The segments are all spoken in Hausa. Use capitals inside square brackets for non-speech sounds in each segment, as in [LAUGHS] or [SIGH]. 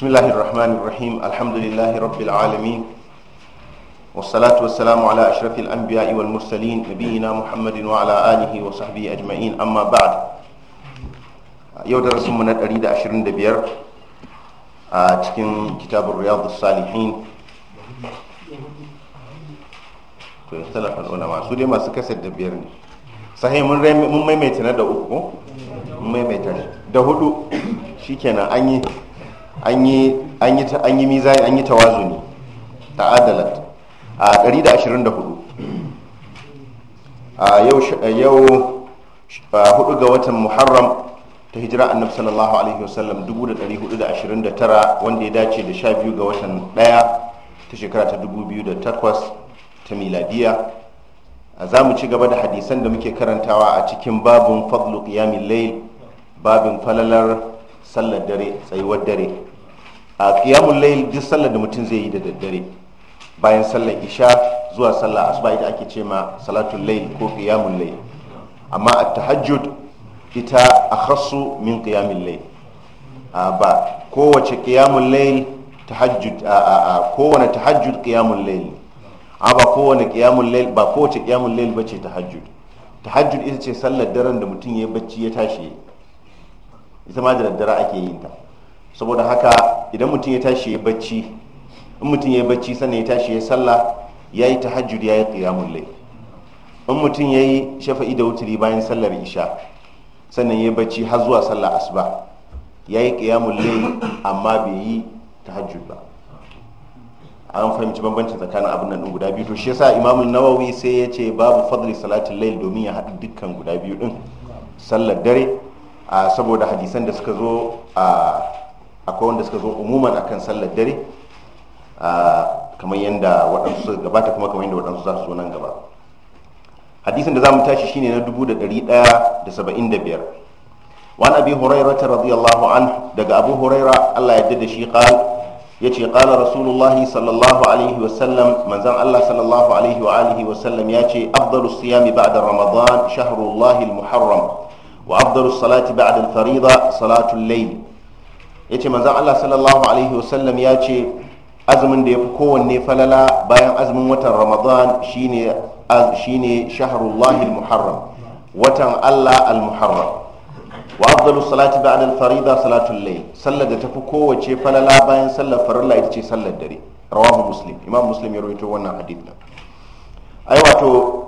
بسم الله الرحمن الرحيم الحمد لله رب العالمين والصلاة والسلام على أشرف الأنبياء والمرسلين نبينا محمد وعلى آله وصحبه أجمعين أما بعد يود رسول من أريد أشرين دبير تكن كتاب الرياض الصالحين اختلف العلماء سوري ما سكسر دبير صحيح من ميميتنا دا أكو ميميتنا دا هدو شكنا أني an yi an yi an yi mizani ne ta adalat a 124 a yau yau hudu ga watan muharram ta hijira annabi sallallahu alaihi wasallam 1429 wanda ya dace da 12 ga watan 1 ta shekara ta 2008 ta miladiya za mu ci gaba da hadisan da muke karantawa a cikin babin fadlu qiyamil layl babin falalar sallar dare tsayuwar dare a kiyamun layl duk sallar da mutum zai yi da daddare bayan sallar isha zuwa sallar asuba ita ake ce ma salatul layl ko kiyamun layl amma at-tahajjud ita akhassu min kiyamun layl ba kowace kiyamun layl tahajjud a kowane tahajjud kiyamun layl a ba kowane kiyamun layl ba kowace kiyamun layl bace tahajjud tahajjud ita ce sallar daren da mutum ya bacci ya tashi ita ma da daddare ake yin ta saboda haka idan mutum ya tashi ya bacci in mutum ya bacci sannan ya tashi ya sallah ya yi tahajjud ya yi qiyamul in mutum ya yi shafa'i da wuturi bayan sallar isha sannan ya bacci har zuwa sallar asuba ya yi qiyamul amma bai yi tahajjud ba an fahimci bambancin tsakanin abin nan guda biyu to shi yasa imamun nawawi sai ya ce babu fadli salatin lail domin ya haɗu dukkan guda biyu din sallar dare saboda hadisan da suka zo a akwai wanda suka zo umuman akan sallar dare kamar yadda waɗansu suka gabata kuma kamar yadda waɗansu za su zo nan gaba hadisin da za mu tashi shine na 1175 wani abi huraira ta radiyallahu an daga abu huraira allah ya da shi qal ya ce qala rasulullah sallallahu alaihi wasallam manzan allah sallallahu alaihi wa alihi wasallam ya ce afdalu siyami ba'da ramadan shahrullahi al-muharram wa afdalu salati ba'da al-fariida salatu al-layl yace manzan Allah sallallahu alaihi wasallam ya ce azumin da ya fi kowanne falala bayan azumin watan ramadan ne shine lahil muharram watan Allah al-muharram wa salatu salati adal al-farida salatu lai layl sallar da tafi kowace falala bayan sallar farilla ita ce sallar dare rawahu muslim imam muslim ya rawaito wannan hadith din ai wato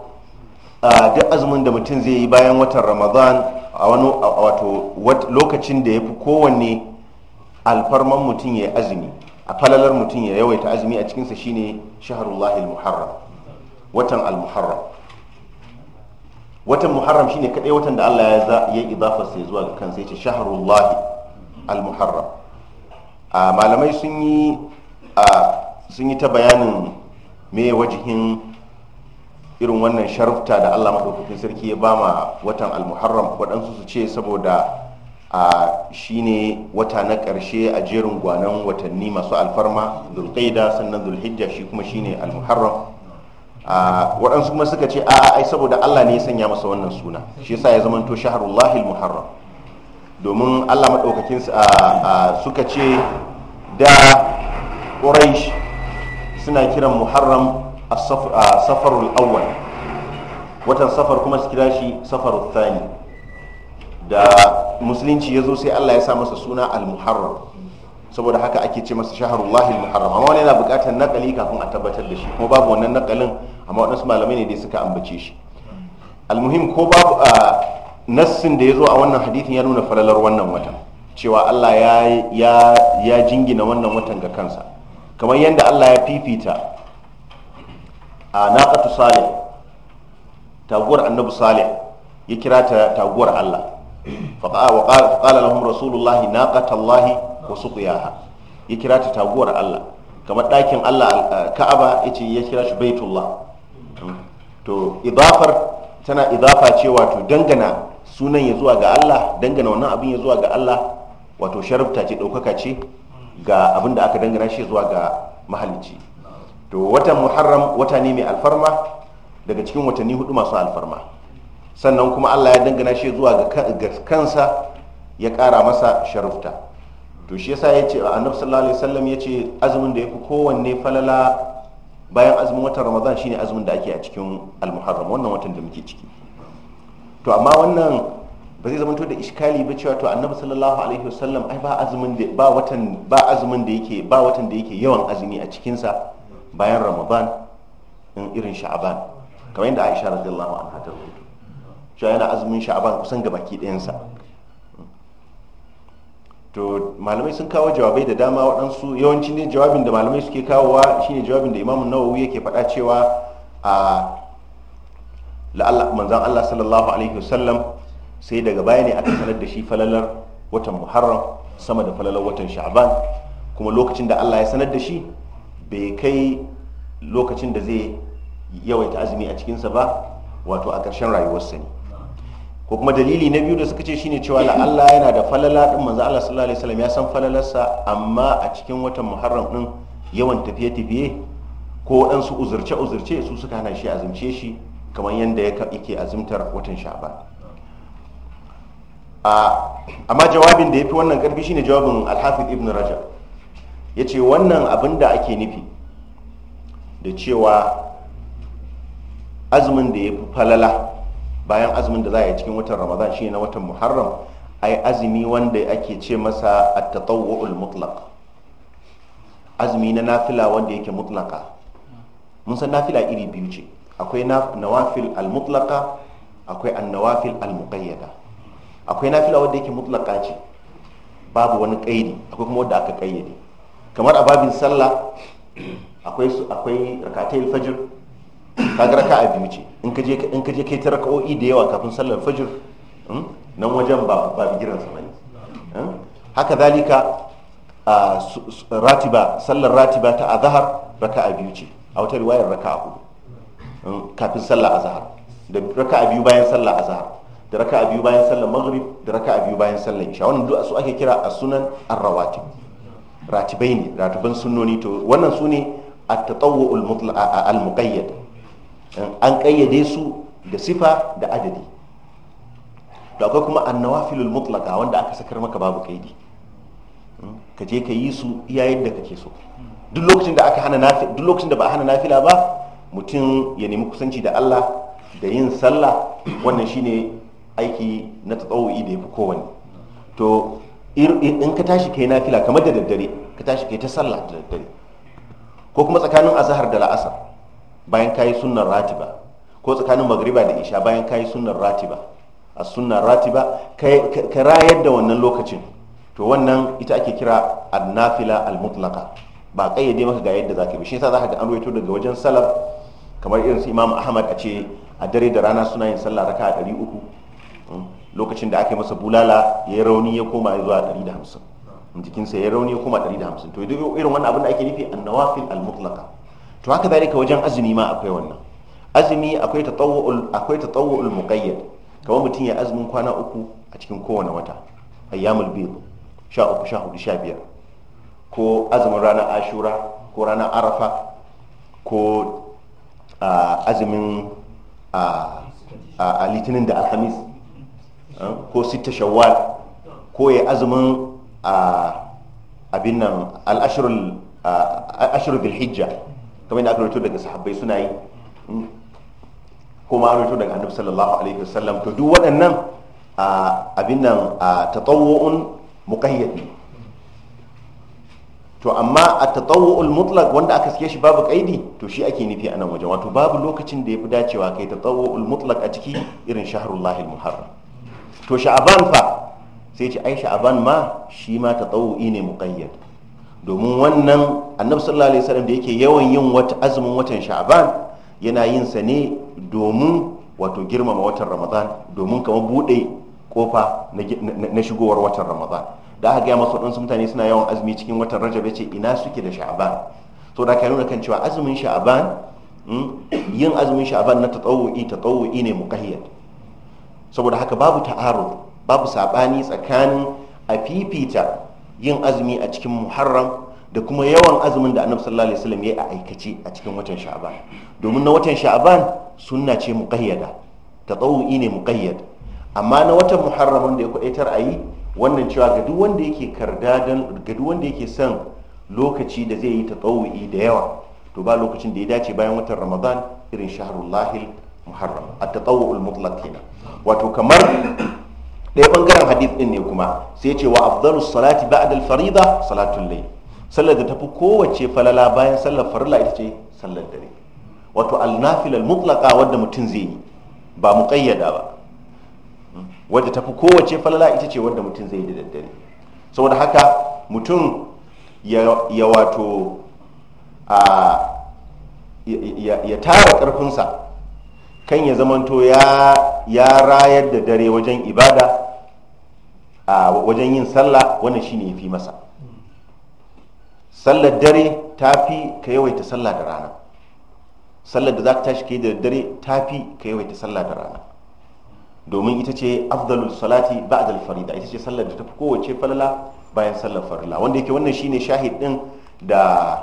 duk azumin da mutum zai yi bayan watan ramadan a wani wato lokacin da ya fi kowanne alfarman mutum ya yi azumi a falalar mutum ya yawaita azumi a cikinsa shine shaharullahi al-muharram watan al-muharram watan muharram shine kadai watan da Allah ya yi idafa sai zuwa ga kansa yace shaharullahi al-muharram a malamai sun yi ta bayanin me wajihin irin wannan sharufta da Allah madaukakin sarki ya bama watan al-muharram waɗansu su ce saboda A shine wata na ƙarshe a jerin gwanon watanni masu alfarma zulqaida sannan zulhijja shi kuma shine almuharram waɗansu kuma suka ce a ai saboda Allah ne ya sanya masa wannan suna shi yasa ya zamanto shaharullahi muharram domin Allah maɗaukakin suka ce da ƙorai suna kiran muharram a safarul awwal watan safar kuma su kira shi safarul thani da musulunci ya zo sai Allah ya sa masa suna al-muharram saboda haka ake ce masa shaharullahi al-muharram amma wani yana buƙatar naƙali kafin a tabbatar da shi kuma babu wannan naƙalin amma waɗansu malamai ne dai suka ambace shi almuhim ko babu a nassin da ya zo a wannan hadithin ya nuna falalar wannan watan cewa Allah ya ya jingina wannan watan ga kansa kamar yadda Allah ya fifita a naqatu salih taguwar annabi salih ya kira ta taguwar Allah faƙala lahum rasulullahi naqatallahi wa suqiyaha ya kira ta taguwar Allah kamar ɗakin Allah eh, Ka'aba yace ya kira shi baitullah to idafar tana idafa ce wato dangana sunan ya zuwa ga Allah dangana wannan abin ya zuwa ga Allah wato sharafta ce ɗaukaka ce ga abin da aka dangana shi zuwa ga mahalicci to watan muharram wata ne mai alfarma daga cikin watanni hudu masu alfarma sannan kuma Allah ya dangana shi zuwa ga kansa ya kara masa sharufta to shi yasa ya ce annabi sallallahu alaihi wasallam ya ce azumin da ya fi kowanne falala bayan azumin watan ramadan shine azumin da ake a cikin almuharram wannan watan da muke ciki to amma wannan ba zai zama to da iskali ba cewa to annabi sallallahu alaihi wasallam ai ba azumin da ba watan ba azumin da yake ba watan da yake yawan azumi a cikin sa bayan ramadan in irin sha'aban kamar yadda aisha radiyallahu anha ta rubuta cewa yana azumin sha'aban kusan ga baki ɗayansa to malamai sun kawo jawabai da dama waɗansu yawanci ne jawabin da malamai suke kawowa shine jawabin da imamun nawawi yake faɗa cewa a la'alla manzan allah sallallahu alaihi wasallam sai daga baya ne aka sanar da shi falalar watan muharram sama da falalar watan sha'ban kuma lokacin da allah ya sanar da shi bai kai lokacin da zai yawaita azumi a cikinsa ba wato a ƙarshen rayuwarsa ne ko kuma dalili na biyu da suka ce shine cewa la Allah yana da falala din manzo Allah sallallahu alaihi wasallam ya san falalarsa amma a cikin watan Muharram din yawan tafiye-tafiye ko su uzurce-uzurce su suka hana shi azumce shi kamar yadda yake azumtar watan Sha'ban amma jawabin da ya fi wannan karfi shine jawabin Al-Hafiz Ibn Rajab yace wannan abin da ake nufi da cewa azumin da ya fi falala bayan azumin da za a yi cikin watan ramadan shine na watan muharram ai azumi wanda ake ce masa at-tatawwu'ul mutlaq azumi na nafila wanda yake mutlaka mun san nafila iri biyu ce akwai nawafil al-mutlaqa akwai an-nawafil al-muqayyada akwai nafila wanda yake mutlaka ce babu wani kaidi akwai kuma wanda aka kayyade kamar a babin sallah akwai akwai rakatai fajr kaga raka'a biyu ce in ka je in ka je kai ta raka'o'i da yawa kafin sallar fajr hmm, nan wajen ba ba bigiran sa bane hmm, haka zalika ratiba sallar ratiba ta azhar raka'a biyu ce a wata riwayar raka'a hudu hmm, kafin sallar azhar da raka'a biyu bayan sallar azhar da raka'a biyu bayan sallar maghrib da raka'a biyu bayan sallar isha wannan duk su ake kira as-sunan ar-rawatib ratibai ne ratiban sunnoni to wannan su ne at-tatawwu al-muqayyad an ƙayyade su da sifa da adadi da akwai kuma annawafilul mutlaka wanda aka sakar maka babu kaidi hmm? ka je ka yi su iya yadda kake so duk lokacin da aka hana nafila duk lokacin da ba hana nafila ba mutum ya nemi kusanci da Allah da yin sallah wannan shine aiki na tsawo'i da ya yafi kowane to in ka tashi kai nafila kamar da daddare ka tashi kai ta sallah da daddare ko kuma tsakanin azahar da la'asar bayan kayi sunnar ratiba ko tsakanin magriba da isha bayan kayi sunnar ratiba a sunnar ratiba ka rayar da wannan lokacin to wannan ita ake kira annafila almutlaka ba kayyade maka ga yadda zaka bi shi yasa zaka ga an ruwaito daga wajen salaf kamar irin su Imam Ahmad a ce a dare da rana suna yin sallah raka 300 hmm. lokacin da aka yi masa bulala ya rauni ya koma zuwa 150 jikinsa ya rauni ya koma 150 to irin wannan abin da ake nufi annawafil almutlaka to haka zalika wajen azumi ma akwai wannan azumi akwai ta akwai tatawwu'ul muqayyad kamar mutum ya azumin kwana uku a cikin kowane wata ayyamul sha uku sha hudu sha biyar ko azumin ranar ashura ko ranar arafa ko azumin a litinin da alhamis ko sita shawwal ko ya azumin abin nan al'ashirin bilhijja kamar yadda aka rawaito daga sahabbai suna yi kuma an daga annabi sallallahu alaihi wasallam to duk waɗannan abin nan a muqayyad ne to amma a tatawu'ul mutlak wanda aka siye shi babu kaidi to shi ake nufi a nan wajen wato babu lokacin da ya dacewa kai tatawu'ul mutlak a ciki irin shahrullahi muharram to sha'aban fa sai ce ai sha'aban ma shi ma tatawu'i ne muqayyad domin wannan annabi sallallahu alaihi wasallam da yake yawan yin wata azumin watan sha'ban yana yin sa ne domin wato girmama watan ramadan domin kama bude kofa na shigowar watan ramadan da aka gaya masu waɗansu mutane suna yawan azumi cikin watan rajab ce ina suke da sha'ban to da ka nuna kan cewa azumin sha'ban hmm, yin azumin sha'ban na tatawu'i tatawu'i ne muqayyad saboda haka babu ta'arud babu sabani tsakanin a fifita yin azumi a cikin muharram da kuma yawan azumin da annabi sallallahu alaihi wasallam yayi a aikace a cikin watan sha'ban domin na watan sha'ban sunna ce muqayyada tatawu'i ne muqayyad amma na watan muharram da ya kudaitar a yi wannan cewa ga duk wanda yake kardadan ga duk wanda yake son lokaci da zai yi tatawu'i da yawa to ba lokacin da ya dace bayan watan ramadan irin shahrullahil muharram at-tatawu'ul mutlaq kenan wato kamar ɗaya ɓangaren hadith ɗin ne kuma sai ce wa afdalu salati ba adal farida salatul layl sallar da tafi kowace falala bayan sallar farila ita ce sallar dare wato al-nafila al-mutlaqa wanda mutum zai yi ba muqayyada ba wanda tafi kowace falala ita ce wanda mutum zai yi da daddare saboda haka mutum ya wato a ya tara ƙarfinsa kan ya zamanto ya rayar da dare wajen ibada a wajen yin sallah wannan shine yafi masa sallar dare tafi ka yawaita sallah da rana sallar da za ka tashi ka yi da dare tafi ka yawaita sallah da rana domin ita ce afdalul salati ba'dal farida ita ce sallar da fi kowace falala bayan sallar farila wanda yake wannan shine shahid din da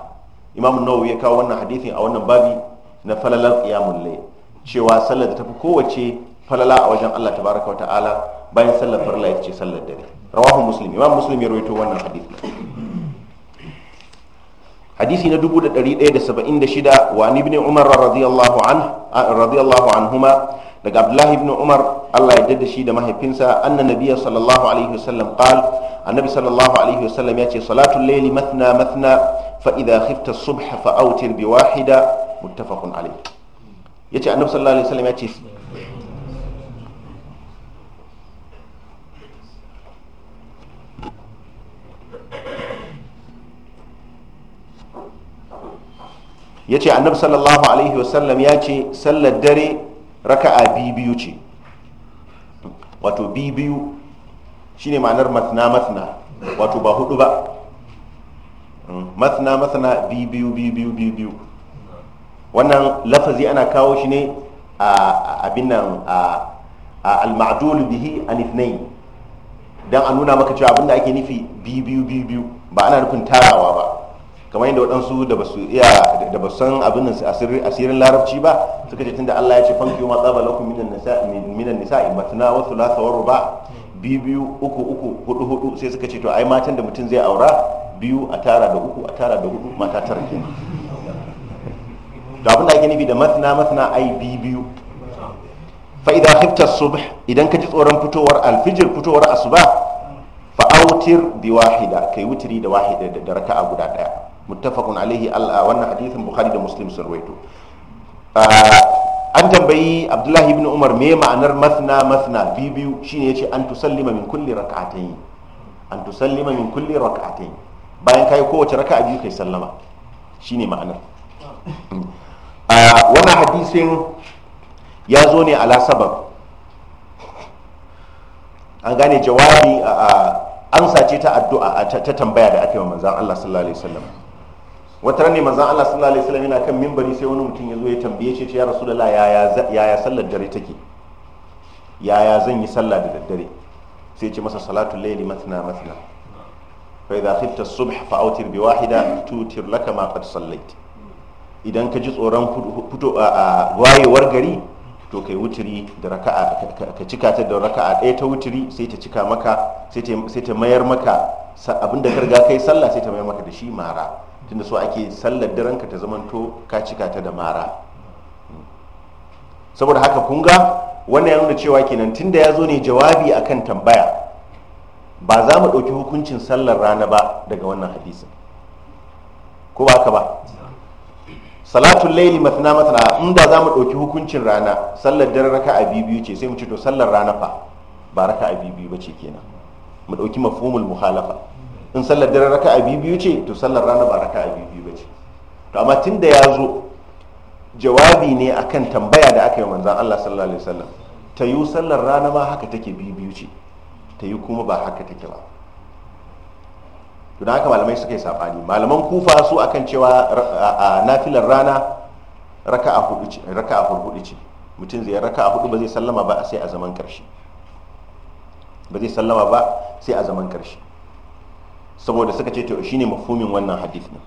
imam nawawi ya kawo wannan hadithin a wannan babi na falalar qiyamul layl cewa sallar da fi kowace falala a wajen Allah tabaraka wa ta'ala bayan sallar farla ya ce sallar dare rawahu muslim imam muslim ya rawaito wannan hadisi hadisi na 1176 wa ibn umar radiyallahu anhu radiyallahu anhuma daga abdullahi ibn umar Allah ya dada shi da mahaifinsa anna nabiyya sallallahu alaihi wasallam qal annabi sallallahu alaihi wasallam ya ce salatul layli mathna mathna fa idha khifta as-subha fa awtir bi wahida muttafaqun alayh yace annabi sallallahu alaihi wasallam ya ce ya ce annabi sallallahu alaihi wasallam ya ce sallar dare raka'a biyu ce wato biyu shine ma'anar matna matna wato ba hudu ba mm, matna matna biyu biyu biyu wannan lafazi ana kawo shi ne a abin a al-ma'dul bihi an ithnain don a nuna maka cewa abinda ake nufi biyu biyu biyu ba ana nufin tarawa ba kamar yadda waɗansu da ba su iya da ba san abin nan asirin larabci ba suka ce tunda Allah ya ce fanki ma tsaba lakum minan nisa minan nisa matna wa thulatha wa ruba biyu biyu uku uku hudu hudu sai suka ce to ai matan da mutum zai aura biyu a tara da uku a tara da hudu mata tara ke to abin da ake nufi da matna matna ai biyu biyu fa idan hifta subh idan ka ji tsoron fitowar alfijir fitowar asuba fa autir bi wahida kai wutiri da wahida da raka'a guda daya muttafaqun alaihi wannan hadithin bukhari da muslim sun rawaito an tambayi abdullahi ibn umar me ma'anar masna masna biyu biyu shine yace an tusallima min kulli rak'atayn an tusallima min kulli rak'atayn bayan kai kowace raka'a biyu kai sallama shine ma'anar wannan hadisin ya zo ne ala sabab an gane jawabi ansa ce ta addu'a ta tambaya da ake wa manzon Allah sallallahu alaihi wasallam wata ne manzon Allah sallallahu alaihi wasallam yana kan mimbari sai wani mutum ya zo ya tambaye shi ya rasulullah yaya yaya sallar dare take yaya zan yi sallah da daddare sai ce masa salatu layli matna matna fa idha khifta subh fa awtir bi wahida tutir laka ma qad sallait idan ka ji tsoron fito a wayewar gari to kai wutiri da raka'a ka cika ta da raka'a ɗaya ta wutiri sai ta cika maka sai ta mayar maka abinda ka riga kai sallah sai ta mayar maka da shi mara tunda so ake sallar da ranka ta zamanto ka cika ta da mara saboda haka kun ga wannan ya nuna cewa kenan tunda ya zo ne jawabi akan tambaya ba za mu ɗauki hukuncin sallar rana ba daga wannan hadisin ko ba ka ba salatul laili matna matna in da za mu ɗauki hukuncin rana sallar dare raka a biyu ce sai mu ce to sallar rana fa ba raka a biyu ba ce kenan mu ɗauki mafhumul muhalafa in sallar dare raka a biyu ce to sallar rana ba raka a biyu ba ce to amma tun da ya zo jawabi ne akan tambaya da aka yi manzan Allah sallallahu alaihi wasallam ta yi sallar rana ma haka take biyu biyu ce ta yi kuma ba haka take ba to da haka malamai suka yi sabani malaman kufa su akan cewa a nafilar rana raka a hudu ce raka a hudu ce mutum zai raka a hudu ba zai sallama ba sai a zaman karshe ba zai sallama ba sai a zaman karshe saboda suka ce to ne mafhumin wannan hadith ne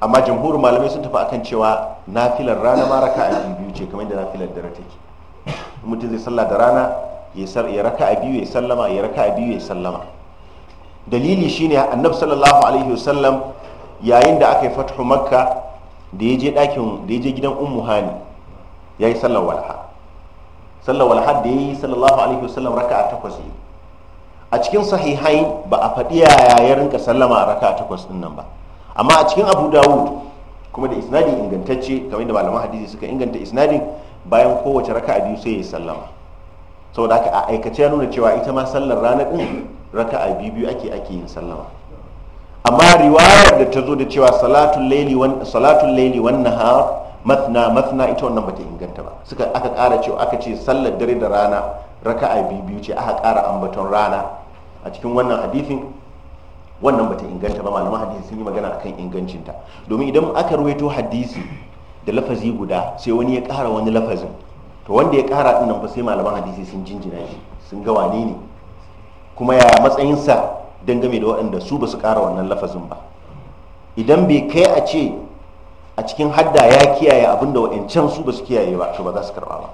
amma jamhurin malamai sun tafi akan cewa nafilar rana ma raka raka'a biyu ce kamar da nafilar dare take mutum zai sallah da rana ya raka a biyu ya sallama ya raka a biyu ya sallama dalili shine annab sallallahu alaihi wasallam yayin da aka yi fathu makka da ya je ɗakin da ya je gidan ummu hani ya yi sallar walha sallar walha da ya yi sallallahu alaihi wasallam raka a takwas yi a cikin sahihai ba a faɗi yaya ya rinka sallama a raka takwas ɗin nan ba amma a cikin abu dawud kuma da isnadi ingantacce kamar yadda malaman hadisi suka inganta isnadin bayan kowace raka a biyu sai ya sallama saboda haka a aikace ya nuna cewa ita ma sallar rana ɗin raka a biyu biyu ake ake yin sallama amma riwayar da ta zo da cewa salatun laili wan nahar mathna mathna ita wannan bata inganta ba suka aka ƙara cewa aka ce sallar dare da rana raka'a biyu ce aka ƙara ambaton rana a cikin wannan hadisin wannan bata inganta ba malaman hadisi sun yi magana akan ingancinta domin idan aka ruwaito hadisi da lafazi guda sai wani ya kara wani lafazin to wanda ya kara din nan fa sai malaman hadisi sun jinjina shi sun ga wane ne kuma ya matsayinsa dangane da waɗanda su ba su ƙara wannan lafazin ba idan bai kai a ce a cikin hadda ya kiyaye abinda waɗancan su ba su kiyaye ba to ba za su karɓa ba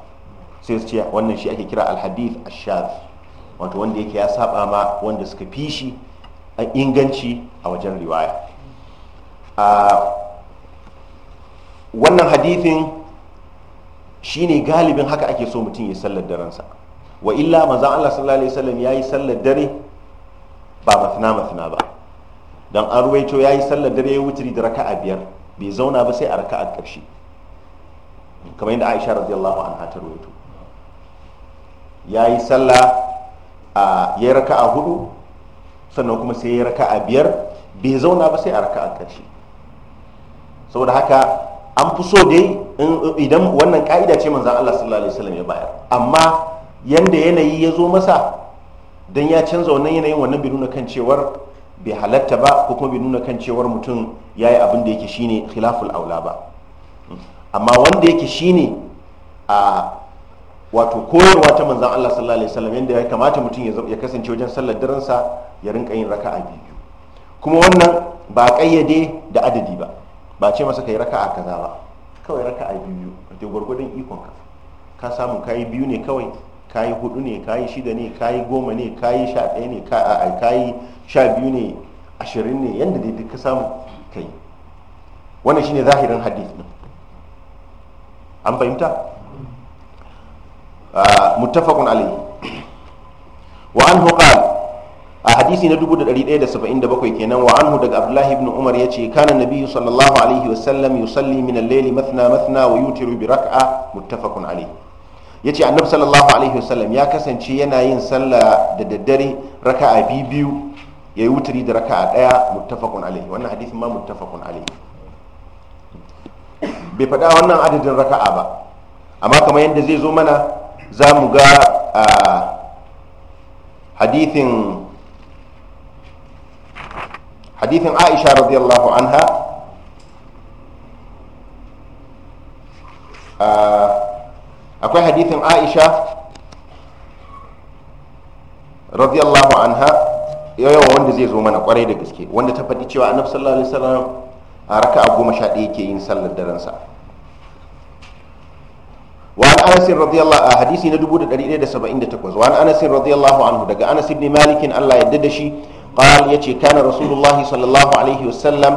sai su ce wannan shi ake kira alhadith ashaz wato wanda yake ya saba ma wanda suka fi shi a inganci a wajen riwaya a wannan hadithin shine galibin haka ake so mutum ya sallar daransa wa illa maza Allah sallallahu alaihi wasallam yayi sallar dare ba mathna mathna ba dan an ruwaito yi sallar dare ya wuturi da a biyar bai zauna ba sai a raka'a ƙarshe kamar yadda Aisha radiyallahu anha ta ruwaito ya yi sallah a ya yi a hudu sannan kuma sai ya yi a biyar bai zauna ba sai a a ƙarshe saboda haka an fi so dai idan wannan ka'ida ce manzan Allah sallallahu alaihi wasallam ya bayar amma yanda yanayi ya zo masa don ya canza wannan yanayin wannan bai nuna kan cewar bai halatta ba ko kuma bai nuna kan cewar mutum ya yi abin da yake shine khilaful aula ba amma wanda yake shi ne a wato koyarwa ta manzan Allah sallallahu alaihi wasallam yadda ya kamata mutum ya kasance wajen sallar daransa ya rinka yin raka'a biyu kuma wannan ba kayyade da adadi ba ba ce masa kai raka'a kaza ba kawai raka'a biyu da gwargwadon ikon ka ka samu kayi biyu ne kawai kayi hudu ne kayi shida ne kayi goma ne kayi sha ɗaya ne kayi sha biyu ne ashirin ne yadda dai duka samu kai wannan shine zahirin hadith an fahimta muttafaqun alayhi wa anhu qala a hadisi na 1177 kenan wa anhu daga abdullahi ibn umar ya ce kana nabiyyu sallallahu alaihi wasallam yusalli min al-layli mathna mathna wa yutiru bi rak'a muttafaqun alayhi yace annabi sallallahu alaihi wasallam ya kasance yana yin sallah da daddare raka'a biyu biyu ya yi wuturi da raka'a daya muttafaqun alayhi wannan hadisin ma muttafaqun alayhi bai faɗa wannan adadin raka'a ba amma kamar yadda zai zo mana za mu ga a hadithin hadithin aisha radiyallahu anha akwai hadithin aisha radiyallahu anha yawan wanda zai zo mana kwarai da gaske wanda ta faɗi cewa annabi sallallahu alaihi wasallam a raka'a goma sha ɗaya ke yin sallar darensa وعن انس رضي الله حديثي نا 1178 وعن انس رضي الله عنه دغ انس بن مالك الله يدد قال يتي كان رسول الله صلى الله عليه وسلم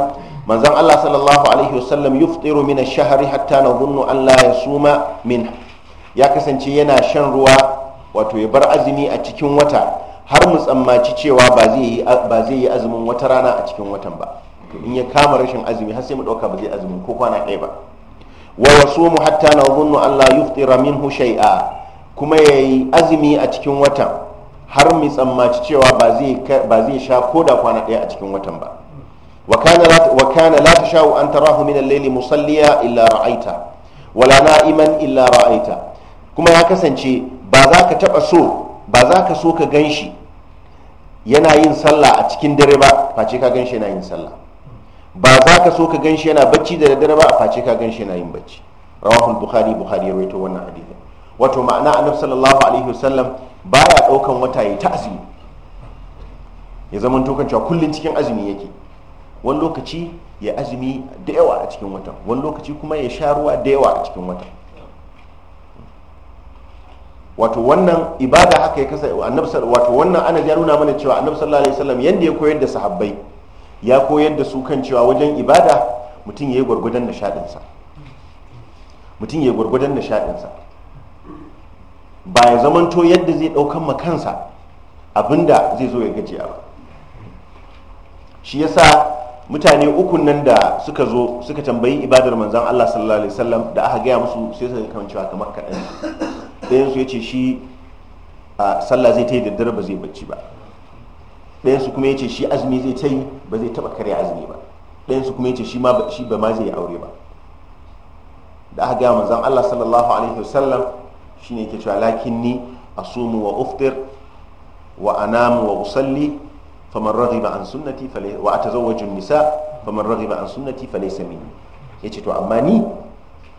من زم الله صلى الله عليه وسلم يفطر من الشهر حتى نظن ان لا يصوم منه ya kasance yana shan ruwa wato ya bar azumi a cikin wata har mu tsammaci cewa ba zai yi azumin wata rana a cikin watan ba in ya kama rashin azumi har sai mu ɗauka ba zai azumin ko kwana ɗaya ba wa yasumu hatta nadhunnu an la yuftira minhu shay'a kuma ya yi azumi a cikin watan har mu tsammaci cewa ba zai sha ko da kwana ɗaya a cikin watan ba wa kana la tashau an tarahu min al-layli musalliya illa ra'aita wala na'iman illa ra'aita kuma ya kasance ba za ka taba so ba za ka so ka ganshi yana yin sallah a cikin dare ba face ka ganshi yana yin sallah ba za ka so ka ganshi yana bacci da daddare ba a face ka ganshi yana yin bacci rawahul bukhari bukhari ya rawaito wannan hadisi wato ma'ana annabi sallallahu alaihi wasallam baya daukan wata yayi ta azumi ya zama tokan cewa kullun cikin azumi yake wani lokaci ya azumi da yawa a cikin watan wani lokaci kuma ya sha ruwa da yawa a cikin watan wato wannan ibada haka ya kasa annabi wato wannan ana ya nuna mana cewa annabi sallallahu alaihi wasallam yanda ya koyar da sahabbai ya koyar da su kan cewa wajen ibada mutum ya yi gwargwadon shaɗinsa. mutum ya yi gwargwadon shaɗinsa. ba ya zamanto yadda zai ɗaukan makansa abinda zai zo ya gajiya ba shi yasa mutane ukun nan da suka zo suka tambayi ibadar manzan Allah sallallahu alaihi wasallam da aka gaya musu sai suka kan cewa kamar kaɗan ɗayan su ya ce shi sallah zai ta yi daddare ba zai bacci ba ɗayan su kuma yace shi azumi zai ta yi ba zai taba karya azumi ba ɗayan su kuma yace shi ma shi ba ma zai aure ba da aka ga manzon Allah sallallahu alaihi wasallam shine yake cewa lakinni asumu wa uftir wa anamu wa usalli faman raghiba an sunnati falay wa atazawwaju nisa faman raghiba an sunnati falaysa minni yace to amma ni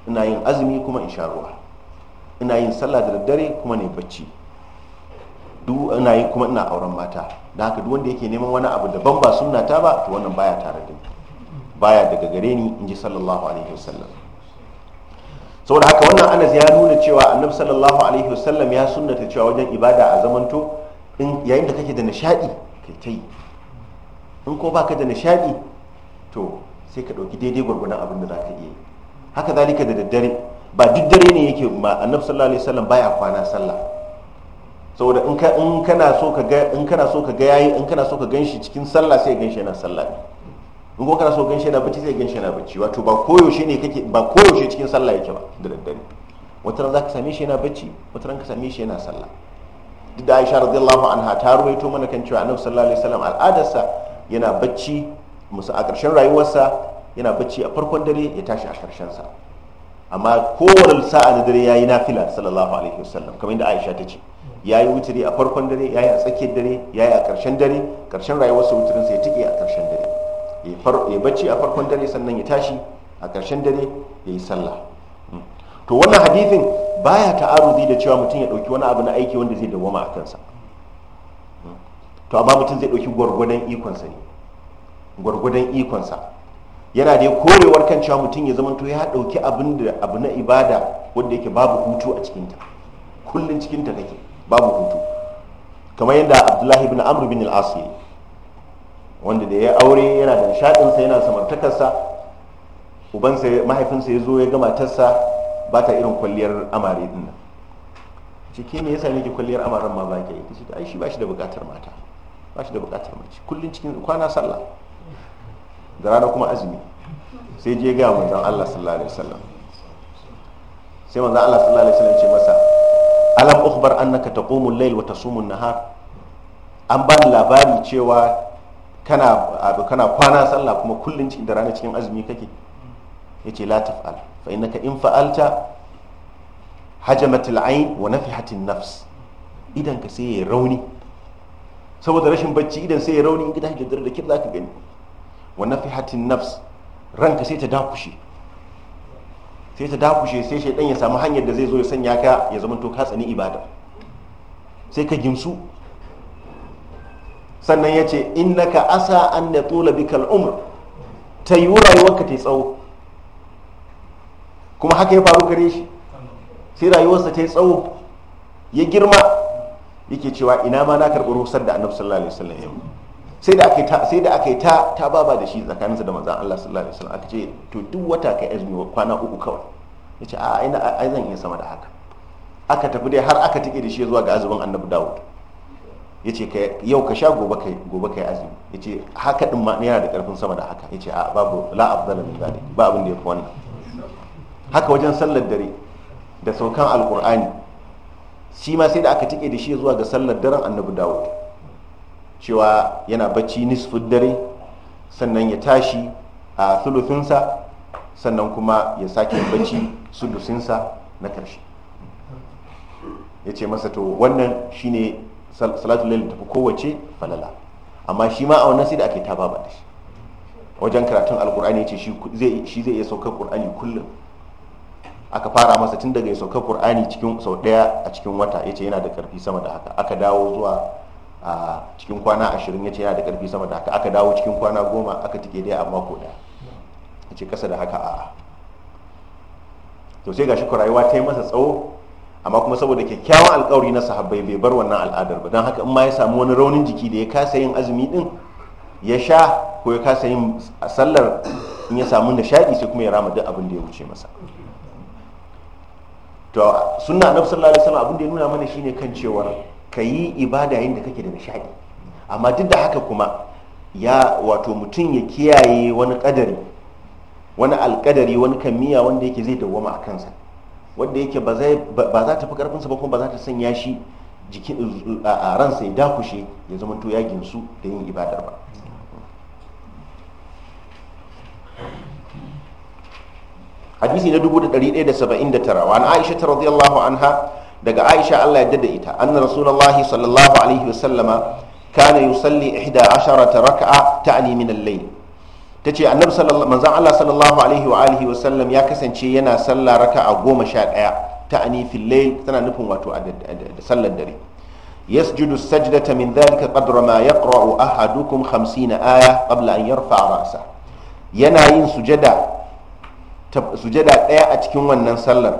ina yin azumi kuma in sha ruwa ina yin sallah da daddare kuma ne bacci duk ina yi kuma ina auren mata da haka duk wanda yake neman wani abu daban ba sunna ta ba to wannan baya tare da ni baya daga gare ni inji sallallahu alaihi wasallam saboda haka wannan anas ya nuna cewa annabi sallallahu alaihi wasallam ya sunnata cewa wajen ibada a zamanto yayin da kake da nishadi kai ta in ko baka da nishadi to sai ka ɗauki daidai gwargwadon abin da za ka iya haka zalika da daddare ba duk dare ne yake ma annabi sallallahu alaihi wasallam baya kwana sallah saboda in kana so ka ga so ka yayi in kana so ka ganshi cikin sallah sai ganshi yana sallah ne in kuma kana so ganshi yana bacci sai ganshi yana bacci wato ba koyaushe ne kake ba koyaushe cikin sallah yake ba da daddare wata ran ka same shi yana bacci wata ran ka same shi yana sallah duk da Aisha radiyallahu anha ta ruwaito mana kan cewa Annabi sallallahu alaihi wasallam al'adarsa yana bacci musu a ƙarshen rayuwarsa yana bacci a farkon dare ya tashi a ƙarshen sa amma kowane sa'a na dare yayi nafila sallallahu alaihi wasallam kamar inda Aisha ta ce yayi wuturi a farkon dare yayi a tsakiyar dare yayi a ƙarshen dare ƙarshen rayuwarsa wutirin sai tike a ƙarshen dare ya bacci a farkon dare sannan ya tashi a ƙarshen dare ya yi sallah hmm. to wannan hadithin baya ta'arudi da cewa mutum ya dauki wani abu na aiki wanda zai dawwama a kansa hmm. to amma mutum zai dauki gwargwadon ikonsa ne gwargwadon ikonsa yana da korewar kan cewa mutum ya zama to ya dauki abin da abu na ibada wanda yake babu hutu a cikinta kullum cikinta take babu hutu kamar yadda abdullahi bin amr bin al-as wanda da ya aure yana da sa yana samartakarsa ubansa mahaifinsa ya zo ya ga sa ba ta irin kwalliyar amare din nan ce ke me yasa nake kwalliyar amaren ma ba ke ita ce ai shi ba shi da buƙatar mata ba shi da buƙatar mace kullum cikin kwana sallah da rana kuma azumi sai je ga manzon Allah sallallahu alaihi wasallam sai manzon Allah sallallahu alaihi wasallam ce masa alam ukhbar annaka taqumu al-layl wa tasumu an-nahar an ba ni labari cewa kana abu kana kwana sallah kuma kullun cikin da rana cikin azumi kake yace la taf'al fa innaka in fa'alta hajamat al-ayn wa nafihat an-nafs idan ka sai ya rauni saboda rashin bacci idan sai ya rauni in ka tashi da dare da kin zaka gani wa nafihatin nafs ranka sai ta dakushe sai ta dakushe sai shaidan ya samu hanyar da zai zo ya sanya ka ya zama to katsani ibada sai ka gimsu sannan ya ce innaka asa an na tola bikal umr ta yi rayuwarka ta yi tsawo kuma haka ya faru gare shi sai rayuwarsa ta yi tsawo ya girma yake cewa ina ma na karɓi rusar da annabi sallallahu alaihi wasallam sai da aka ta sai da aka ta ta baba da shi tsakaninsa da manzon Allah sallallahu alaihi wasallam aka ce to duk wata kai azumi kwana uku kawai yace a ina ai zan iya sama da haka aka tafi dai har aka tike da shi zuwa ga azumin Annabi Dawud yace ka yau ka sha gobe kai gobe kai azumi yace haka din ma yana da karfin sama da haka yace a babu la afdala min zalik ba abin da yafi wannan haka wajen sallar dare da saukan alqur'ani shi ma sai da aka tike da shi zuwa ga sallar daren Annabi Dawud cewa yana bacci nisfin dare sannan ya tashi a sulusinsa sannan kuma ya sake bacci sulusinsa na karshe. ya ce masa to wannan shine salatu lail tafi kowace falala amma shi ma a wannan sai da ake taba ba da shi wajen karatun alkur'ani ya ce shi zai iya saukar kur'ani kullum aka fara masa tun daga ya saukar kur'ani cikin sau ɗaya a cikin wata ya ce yana da karfi sama da haka aka dawo zuwa a cikin kwana ashirin ya ce yana da karfi sama da haka aka dawo cikin kwana goma aka tike dai a mako da a ce kasa da haka a'a to sai gashi rayuwa ta yi masa tsawo amma kuma saboda kyakkyawan alkawari na sahabbai bai bar wannan al'adar ba don haka in ma ya samu wani raunin jiki da ya kasa yin azumi din ya sha ko ya kasa yin sallar in ya samu nishaɗi sai kuma ya rama duk abin da ya wuce masa to sunna annabi sallallahu alaihi wasallam abin da ya nuna mana shine kan cewar ka yi ibada yayin da kake da nishadi amma duk da haka kuma ya wato mutum ya kiyaye wani kadari wani alkadari wani kamiya wanda yake zai dawwama a kansa wanda yake ba za ta fi karfinsa ba kuma ba za ta sanya shi jikin a ransa ya dakushe ya zama to yagin su da yin ibadar ba hadisi na 1179 wa an aisha ta radiyallahu anha daga aisha allah ya da ita anna rasulullahi sallallahu alaihi wasallama kana yusalli ihda asharata raka'a ta'ani min al-layl tace annabi sallallahu manzon allah sallallahu alaihi wa alihi wasallam ya kasance yana sallah raka'a goma sha daya ta'ani fil layl tana nufin wato a sallar dare يسجد السجدة من ذلك قدر ما يقرأ أحدكم خمسين آية قبل أن يرفع رأسه يناين سجدة سجدة آية أتكون ونن سلم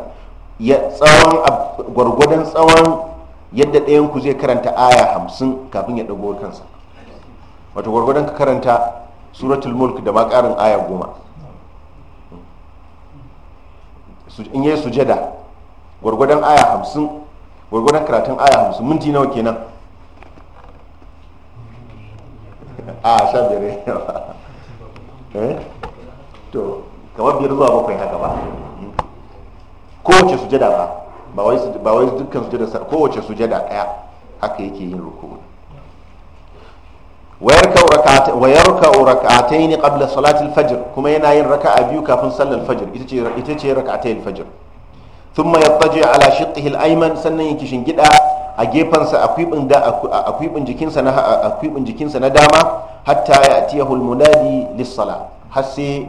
ya tsawon gwargwadon tsawon yadda ɗayan ku zai karanta aya hamsin kafin ya ɗago kansa wato gwargwadon ka karanta suratul mulk da ma ƙarin aya goma in yi sujada gwargwadon aya hamsin gwargwadon karatun aya hamsin minti nawa kenan a sha biyar [LAUGHS] eh? to kamar biyar zuwa bakwai haka ba kowace sujada ba ba wai ba wai dukkan sujada sa kowace sujada daya haka yake yin ruku'u wa yarka'u rak'atayn qabla salati fajr kuma yana yin raka'a biyu kafin sallar fajr ita ce ita ce rak'atay al-fajr thumma ala shiqqihi al-ayman sannan yake shingida a gefansa a kwibin da a kwibin jikinsa na a kwibin jikinsa na dama hatta ya al-munadi lis-salah har sai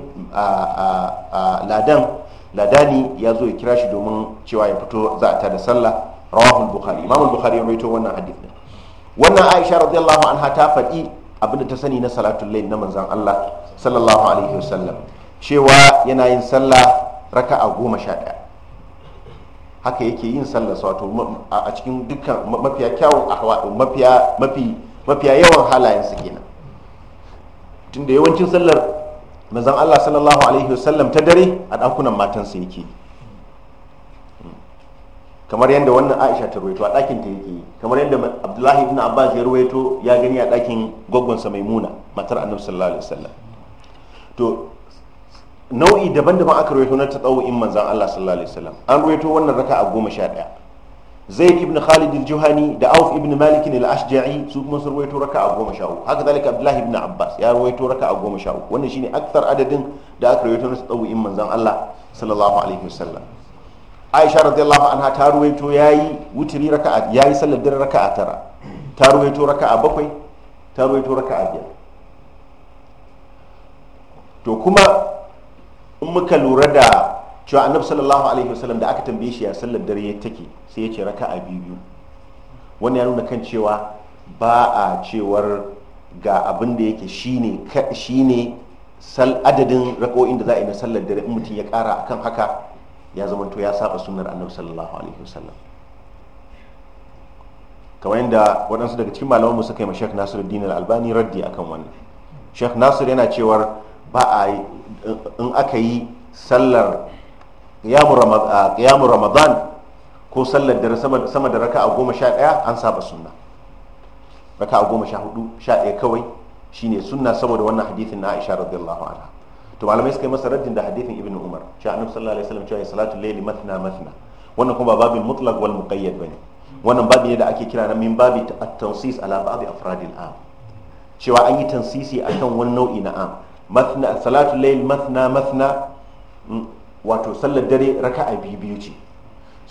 ladan ladani ya zo ya kira shi domin cewa ya fito za a ta da sallah rawahul bukhari imam bukhari ya rawaito wannan hadith din wannan aisha radiyallahu anha ta faɗi abinda ta sani na salatul layl na manzon Allah sallallahu alaihi wasallam cewa yana yin sallah raka'a goma sha ɗaya haka yake yin sallah wato a cikin dukkan mafiya kyawun ahwa mafiya mafi mafiya yawan halayen su kenan tunda yawancin sallar manzon Allah sallallahu alaihi wasallam ta dare a ɗakunan matansa yake kamar yadda wannan Aisha ta ruwaito a ɗakin ta yake kamar yadda Abdullahi ibn Abbas ya ruwaito ya gani a ɗakin gwaggonsa Maimuna matar Annabi sallallahu alaihi wasallam to nau'i daban-daban aka ruwaito na ta in manzon Allah sallallahu alaihi wasallam an ruwaito wannan raka'a goma sha ɗaya zaid ibn khalid al-juhani da auf ibn malik al-ashja'i su kuma sun raka a goma sha uku haka zalika abdullahi ibn abbas ya raka a goma sha uku wannan shine akthar adadin da aka rawaito nasu tsawuin manzon Allah sallallahu alaihi wasallam aisha radiyallahu anha ta rawaito yayi wutiri raka'a yayi sallar dare raka'a tara ta raka a bakwai ta raka a biyar to kuma in muka lura da cewa annabi sallallahu alaihi wasallam da aka tambaye shi ya sallar dare ya take sai ya ce raka a biyu wannan ya nuna kan cewa ba a cewar ga abin da yake shine shine adadin raƙoin da za a yi na sallar dare in mutum ya kara akan haka ya zama to ya saba sunnar annabi sallallahu alaihi wasallam kamar yadda waɗansu daga cikin malamanmu suka yi ma Sheikh Nasiruddin Al-Albani raddi akan wannan Sheikh Nasiru yana cewar ba a in aka yi sallar ƙiyamun ah, ramadan ko sallar dare sama da raka a goma sha ɗaya an saba sunna raka a goma sha hudu sha ɗaya kawai shine sunna saboda wannan hadithin na aisha radiyallahu anha to malamai suka yi masa raddin da hadithin ibn umar cewa annabi sallallahu alaihi wasallam cewa salatul layli mathna mathna wannan kuma babin mutlaq wal muqayyad bane wannan babi ne da ake kira na min babi at-tansis ala ba'd afradil am cewa an yi tansisi akan wani nau'i na am mathna salatul layl mathna mathna mm, wato sallar dare raka biyu biyu ce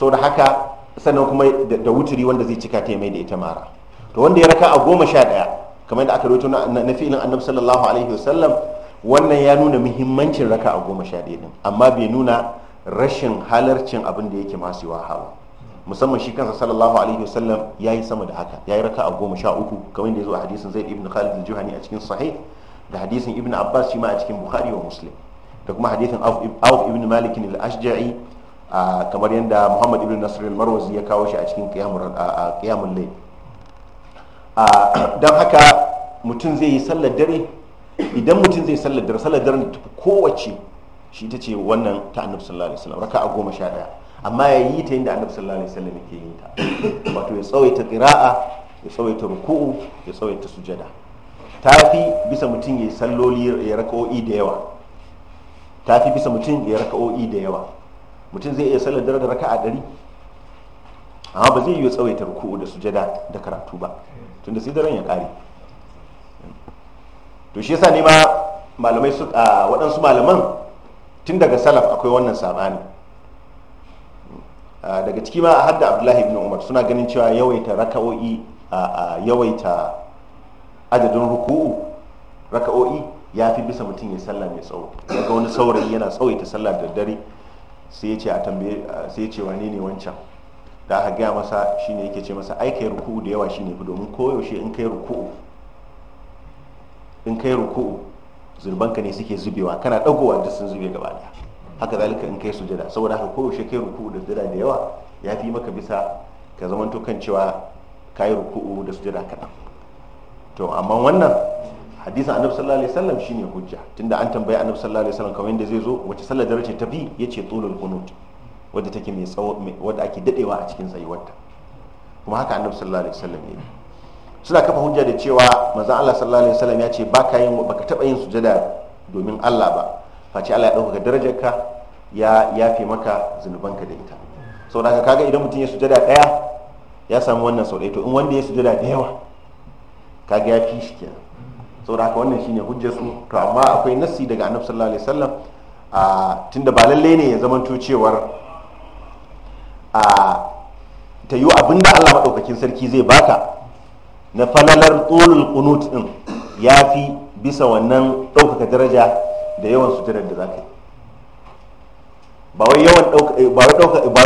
sau da haka sannan kuma da wuturi wanda zai cika ta mai da ita mara to wanda ya raka a goma sha ɗaya kamar yadda aka rubuta na fi'ilin annabi sallallahu alaihi wasallam wannan ya nuna muhimmancin raka a goma sha daya din amma bai nuna rashin halarcin abin da yake masu yawa hawa musamman shi kansa sallallahu alaihi wasallam ya yi sama da haka ya yi raka a goma sha uku kamar yadda ya zo a hadisin zaid ibn khalid al-juhani a cikin sahih da hadisin ibn abbas shi ma a cikin bukhari wa muslim da kuma hadithin auf ibn malik al-ashja'i kamar yadda muhammad ibn nasr al-marwazi ya kawo shi a cikin qiyamul layl don haka mutum zai yi sallar dare idan mutum zai sallar dare sallar dare tafi kowace shi ta ce wannan ta annabi sallallahu alaihi wasallam raka'a goma sha daya amma ya yi ta yadda annabi sallallahu alaihi wasallam yake yin ta wato ya tsawaita qira'a ya tsawaita ruku'u ya tsawaita sujada tafi bisa mutum ya yi salloli ya raka'o'i da yawa ta fi bisa mutum ya raka'o'i da yawa mutum zai iya sallar dare da a ɗari amma ba zai yi tsawaita ruku'u da sujada da karatu ba tun da sai daren ya ƙare to shi yasa ne ma malamai su a waɗansu malaman tun daga salaf akwai wannan saɓani daga ciki ma har da abdullahi ibn umar suna ganin cewa yawaita raka'o'i a yawaita adadin ruku'u raka'o'i ya fi bisa mutum ya sallah mai tsawo daga wani saurayi yana tsawaita sallah da dare sai ya ce a tambaye sai ya ce wane ne wancan da aka gaya masa shine yake ce masa ai kai ruku'u da yawa shine fi domin koyaushe in kai ruku'u in kai ruku'u zurbanka ne suke zubewa kana dagowa duk sun zube gaba daya haka zalika in kai sujada saboda haka koyaushe kai ruku'u da sujada da yawa ya fi maka bisa ka zamanto kan cewa kai ruku'u da sujada kaɗan to amma wannan hadisin annabi sallallahu alaihi wasallam shine hujja tunda an tambayi annabi sallallahu alaihi wasallam kamar yadda zai zo wace sallar darace ta bi yace tulul qunut wadda take mai tsawo wadda ake dadewa a cikin tsayuwarta kuma haka annabi sallallahu alaihi wasallam yayi suna kafa hujja da cewa manzo Allah sallallahu alaihi wasallam ya ce baka yin baka taba yin sujada domin Allah ba face Allah ya dauka darajarka ya yafe maka zunubanka da ita saboda haka kaga idan mutum ya sujada daya ya samu wannan sau to in wanda ya sujada da yawa kaga ya fi shi kenan saboda haka wannan shine hujjar su to amma akwai nassi daga annabi sallallahu alaihi wasallam a tunda ba lalle ne ya zamanto cewar a ta yi abinda Allah madaukakin sarki zai baka na falalar tsolul qunut din yafi bisa wannan daukaka daraja da yawan sujurar da zaka yi ba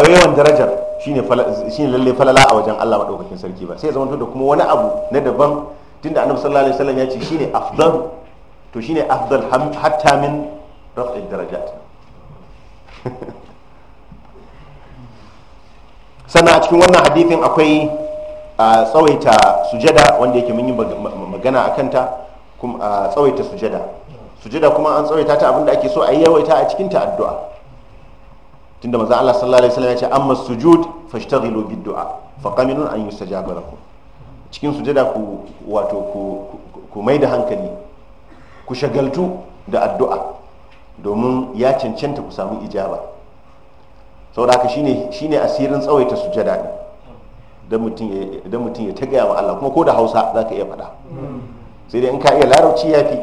wai yawan darajar shine lalle falala a wajen Allah madaukakin sarki ba sai ya zamanto da kuma wani abu na daban tunda annabi sallallahu alaihi wasallam ya ce shine afdal to shine afdal hatta min raf'il darajat [LAUGHS] sannan a cikin wannan hadithin akwai a tsawaita sujada wanda yake mun yi magana a kanta kuma tsawaita sujada sujada kuma an tsawaita ta abinda ake so a yi yawaita a cikin ta addu'a tunda manzo Allah sallallahu alaihi wasallam ya ce amma sujud fashtaghilu bid du'a faqaminun an yustajaba lakum cikin sujada ku wato ku mai da hankali ku shagaltu da addu'a domin ya cancanta ku samu ijaba saboda haka shine asirin tsawaita sujada ne don mutum ya taga gaya wa Allah kuma ko da hausa za ka iya faɗa sai dai in ka iya larabci ya fi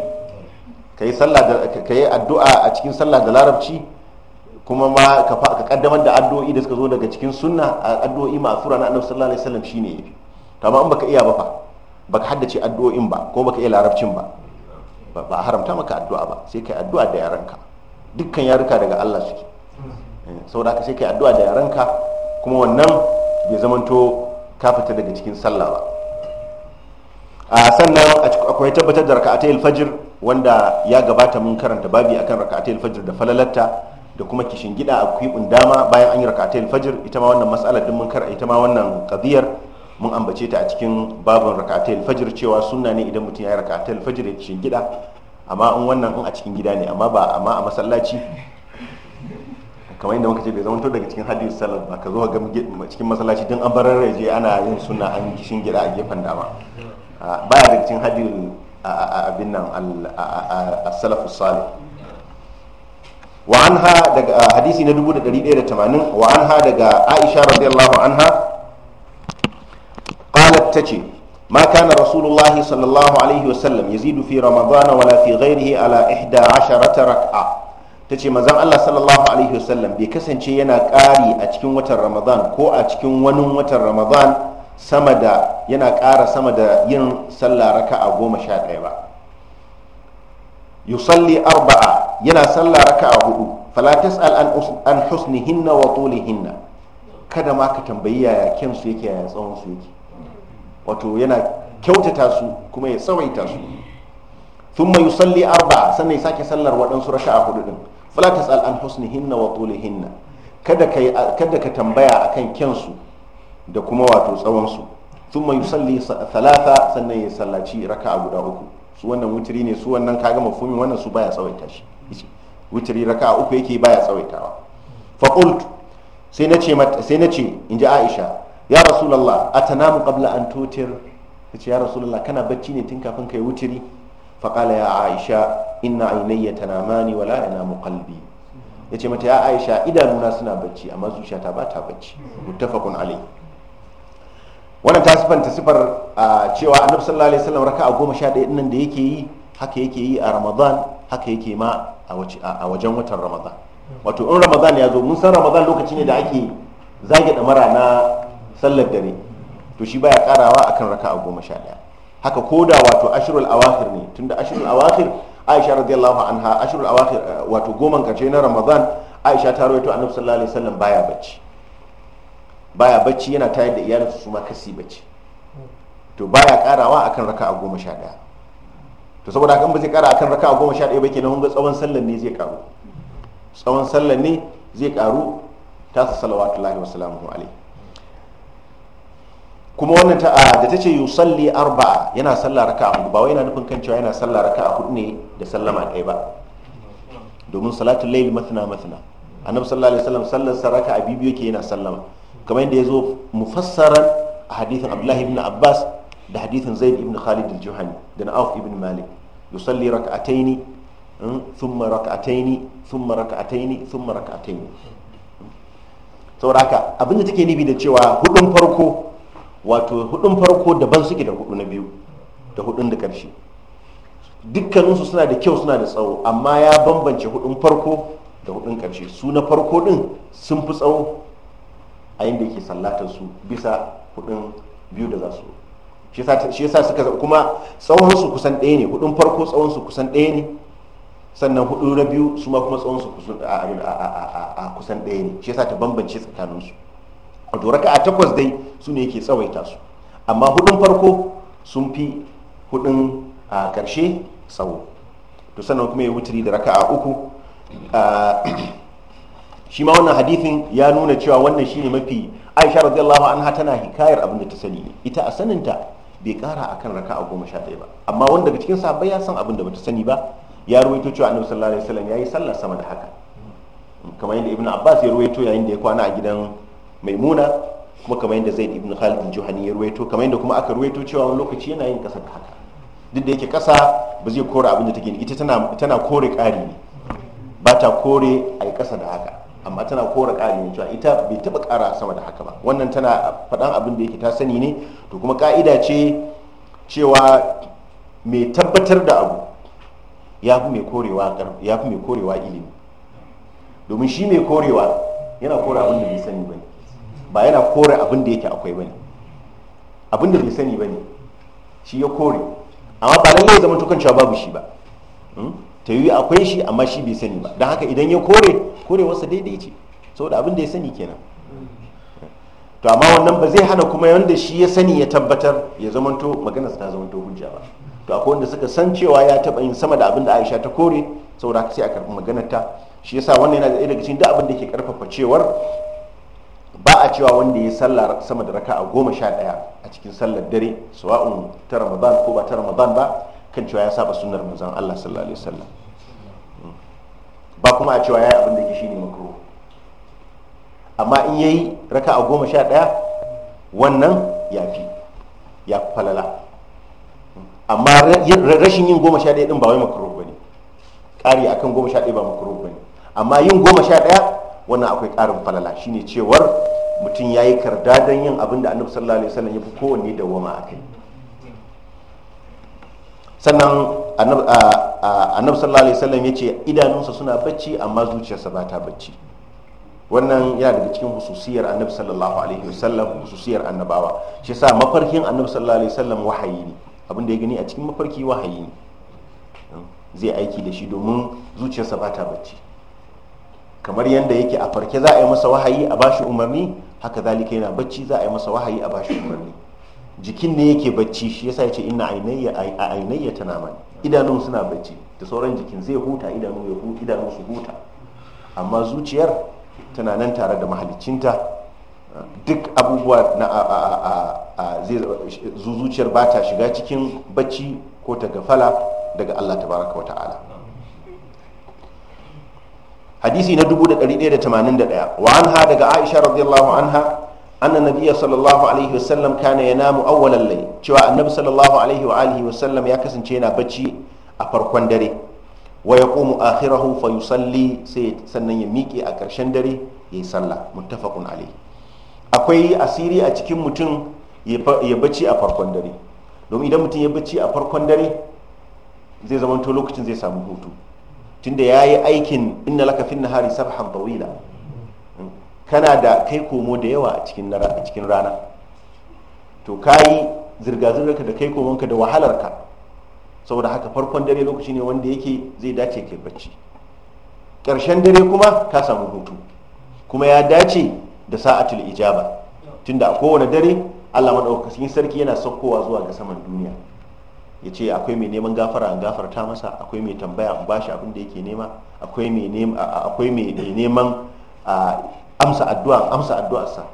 ka yi addu'a a cikin sallah da larabci kuma ma ka kaddamar da addu'o'i da suka zo daga cikin sunna a addu'o'i ma'asura na annabi sallallahu alaihi wasallam shine ya fi to baka iya ba fa baka haddace addu'o'in ba ko baka iya larabcin ba ba a haramta maka addu'a ba sai kai addu'a da yaranka dukkan yaruka daga Allah suke eh, saboda haka sai kai addu'a da yaranka kuma wannan bai zamanto ka fita daga cikin sallah ba a sannan akwai tabbatar da raka'atai alfajir wanda ya gabata mun karanta babi akan raka'atai alfajir da falalatta da kuma kishin gida a kwibin dama bayan an yi raka'atai alfajir ita ma wannan matsalar din mun karanta ita ma wannan qadiyar mun ambace ta a cikin babin rakatai alfajir cewa sunna ne idan mutum ya yi rakatai alfajir ya cikin gida amma in wannan in a cikin gida ne amma ba amma a masallaci kamar yadda muka ce bai zama to daga cikin hadis salaf ba ka zo ga cikin masallaci din an barar raje ana yin sunna an kishin gida a gefen dama baya daga cikin hadis abin nan as-salafus salih wa anha daga hadisi na 1180 wa anha daga Aisha radiyallahu anha hurairah ta ce ma kana rasulullah sallallahu alaihi wasallam yazidu fi ramadana wala fi ghairihi ala ihda asharata rak'a ta ce mazan allah sallallahu alaihi wasallam bai kasance yana ƙari a cikin watan ramadan ko a cikin wani watan ramadan sama da yana ƙara sama da yin sallah raka'a goma sha ɗaya ba yusalli arba'a yana sallah raka'a hudu fala tas'al an husnihinna wa tulihinna kada ma ka tambayi yaya kyansu yake yaya tsawon su yake wato yana kyautata su kuma ya tsawaita su thumma yusalli arba'a sannan ya sake sallar waɗansu a hudu din falata tsal an hinna wa tsoli kada ka kada ka tambaya akan kyansu da kuma wato tsawon su mai salli talata sannan ya sallaci a guda uku su wannan wutiri ne su wannan kaga mafumi wannan su baya tsawaita shi wutiri a uku yake baya tsawaitawa fa sai na ce in ji Aisha ya rasulallah ta namu qabla an tutir ce ya rasulallah kana bacci ne tun kafin kai wutiri Faƙala ya aisha inna aynayya tanamani wala kalbi. qalbi ce mata ya aisha idanuna suna bacci amma zuciyata ba ta bacci muttafaqun alai wannan ta sifanta sifar cewa annabi sallallahu alaihi wasallam raka'a goma sha ɗaya nan da yake yi haka yake yi a ramadan haka yake ma a wajen watan ramadan wato in ramadan ya zo mun san ramadan lokaci ne da ake zage ɗamara na sallar dare to shi baya karawa akan raka'a goma sha ɗaya haka ko da wato ashirul awakhir ne tunda ashirul awakhir aisha radiyallahu anha ashirul awakhir eh, wato goman karshe na ramadan aisha ta rawaito annabi sallallahu alaihi wasallam baya bacci baya bacci yana tayar da iyalinsa su ma kasi bacci to baya karawa akan raka'a goma sha ɗaya to saboda haka ba zai kara akan raka'a goma sha ɗaya ba kenan hunga tsawon sallar ne zai karu tsawon sallar ne zai karu tasa salawatullahi wasalamu alaihi kuma wannan ta ah, da tace yusalli arba'a yana sallah raka'a hudu ba wai yana nufin kan cewa yana sallah raka'a hudu ne da sallama ɗaya ba domin salatul layl mathna mathna annabi sallallahu alaihi wasallam sallar sa raka'a biyu yake yana sallama kamar yadda yazo mufassaran a hadithin abdullahi ibn abbas da hadithin zaid ibn khalid al-juhani da na auf ibn malik yusalli raka'ataini hmm, thumma raka'ataini thumma raka'ataini thumma raka'ataini hmm. saboda haka abinda take nufi da cewa hudun farko wato hudun farko daban suke da hudu na biyu da hudun da karshe dukkaninsu suna da kyau suna da tsawo amma ya bambance hudun farko da hudun karshe su na farko din sun fi tsawo a yin da ke su bisa hudun biyu da za su shi yasa suka kuma tsawonsu kusan ɗaya ne hudun farko tsawonsu kusan ɗaya ne sannan hudu na biyu su ma kuma tsawonsu a kusan ɗaya ne shi yasa ta bambance tsakaninsu wato raka'a takwas dai su ne yake tsawaita su amma hudun farko sun fi hudun a karshe tsawo to sannan kuma ya wuturi da raka'a uku [CLEARS THROAT] shi ma wannan hadithin ya nuna cewa wannan shi ne mafi aisha radiyallahu anha tana hikayar abin da ta sani ne ita a saninta bai kara akan raka'a goma sha ɗaya ba amma wanda daga cikin sahabbai ya san abin da bata sani ba ya ruwaito cewa annabi sallallahu alaihi wasallam yayi sallar sama da haka kamar yadda ibnu abbas ya ruwaito yayin da ya kwana a gidan maimuna kuma kamar yadda zai ibn khalid juhani ya ruwaito kamar yadda kuma aka ruwaito cewa wani lokaci yana yin kasar haka duk da yake kasa ba zai kore abin da take ita tana tana kore ƙari ne ba ta kore a yi kasa da haka amma tana kore ƙari ne cewa ita bai taba ƙara sama da haka ba wannan tana faɗan abin da yake ta sani ne to kuma ƙa'ida ce cewa mai tabbatar da abu ya fi mai korewa ilimi domin shi mai korewa yana kore abin da bai sani ba ne ba yana kore abin da yake akwai bane abin da bai sani bane shi ya kore amma ba lalle ya zama tukan cewa babu shi ba hmm? ta yi akwai shi amma shi bai sani ba don haka idan ya kore kore wasa daidai ce saboda abin da ya sani kenan to amma wannan ba zai hana kuma yanda shi ya sani ya tabbatar ya zamanto maganar ta to hujja ba to akwai wanda suka san cewa ya taba yin sama da abin da Aisha ta kore saboda haka sai a karbi maganar ta shi yasa wannan yana da daga cikin duk abin da ke karfafa cewar a cewa wanda ya sallar sama da raka'a goma sha ɗaya a cikin sallar dare sawa'un ta ramadan ko ba ta ramadan ba kan cewa ya saba sunnar manzon Allah sallallahu alaihi wasallam hmm. ba kuma a cewa yayi abin da yake shine makruh amma in yayi raka'a goma sha ɗaya wannan ya fi, ya falala hmm. amma rashin yin goma sha ɗaya din ba wai makruh bane ƙari akan goma sha ɗaya ba makruh bane amma yin goma sha ɗaya wannan akwai ƙarin falala shine cewar mutum ya yi karda don yin abin da annabi sallallahu alaihi wasallam ya fi kowanne da wama a kai sannan annabi sallallahu alaihi wasallam ya ce idanunsa suna bacci amma zuciyarsa ba ta bacci wannan yana daga cikin hususiyar annabi sallallahu alaihi wasallam hususiyar annabawa shi yasa mafarkin annabi sallallahu alaihi wasallam wahayi ne abin da ya gani a cikin mafarki wahayi ne zai aiki da shi domin zuciyarsa ba ta bacci kamar yadda yake a farke za a yi masa wahayi a bashi umarni haka zalika yana bacci za a yi masa wahayi a bashi umarni jikin ne yake bacci shi yasa ya ce ina a ta naman idanun suna bacci da sauran jikin zai huta idanun ya huta idanun su huta amma zuciyar tana nan tare da mahalicinta duk abubuwa na a zuciyar ba ta shiga cikin bacci ko ta gafala daga Allah ta baraka wa ta'ala hadisi na daya wa ha daga aisha radiyallahu anha anna nabiyya sallallahu alaihi wasallam kana yanamu awwalan layl cewa annabi sallallahu alaihi wa alihi wasallam ya kasance yana bacci a farkon dare wa yaqumu akhirahu fa yusalli sai sannan ya miƙe a ƙarshen dare yi sallah muttafaqun alaihi akwai asiri a cikin mutum ya bacci a farkon dare domin idan mutum ya bacci a farkon dare zai zamanto lokacin zai samu hutu tunda ya yi aikin inna laka fin nahari sabhan tawila kana da kai komo da yawa a cikin rana to kayi zirga zirga da kai komonka da wahalarka saboda haka farkon dare lokaci ne wanda yake zai dace kai bacci ƙarshen dare kuma ka samu hutu kuma ya dace da sa'atul ijaba tunda a kowane dare Allah maɗaukakin sarki yana saukowa zuwa ga saman duniya ya ce akwai mai neman gafara an gafarta masa akwai mai tambaya an bashi abin da yake nema akwai mai neman amsa addu'a amsa addu'arsa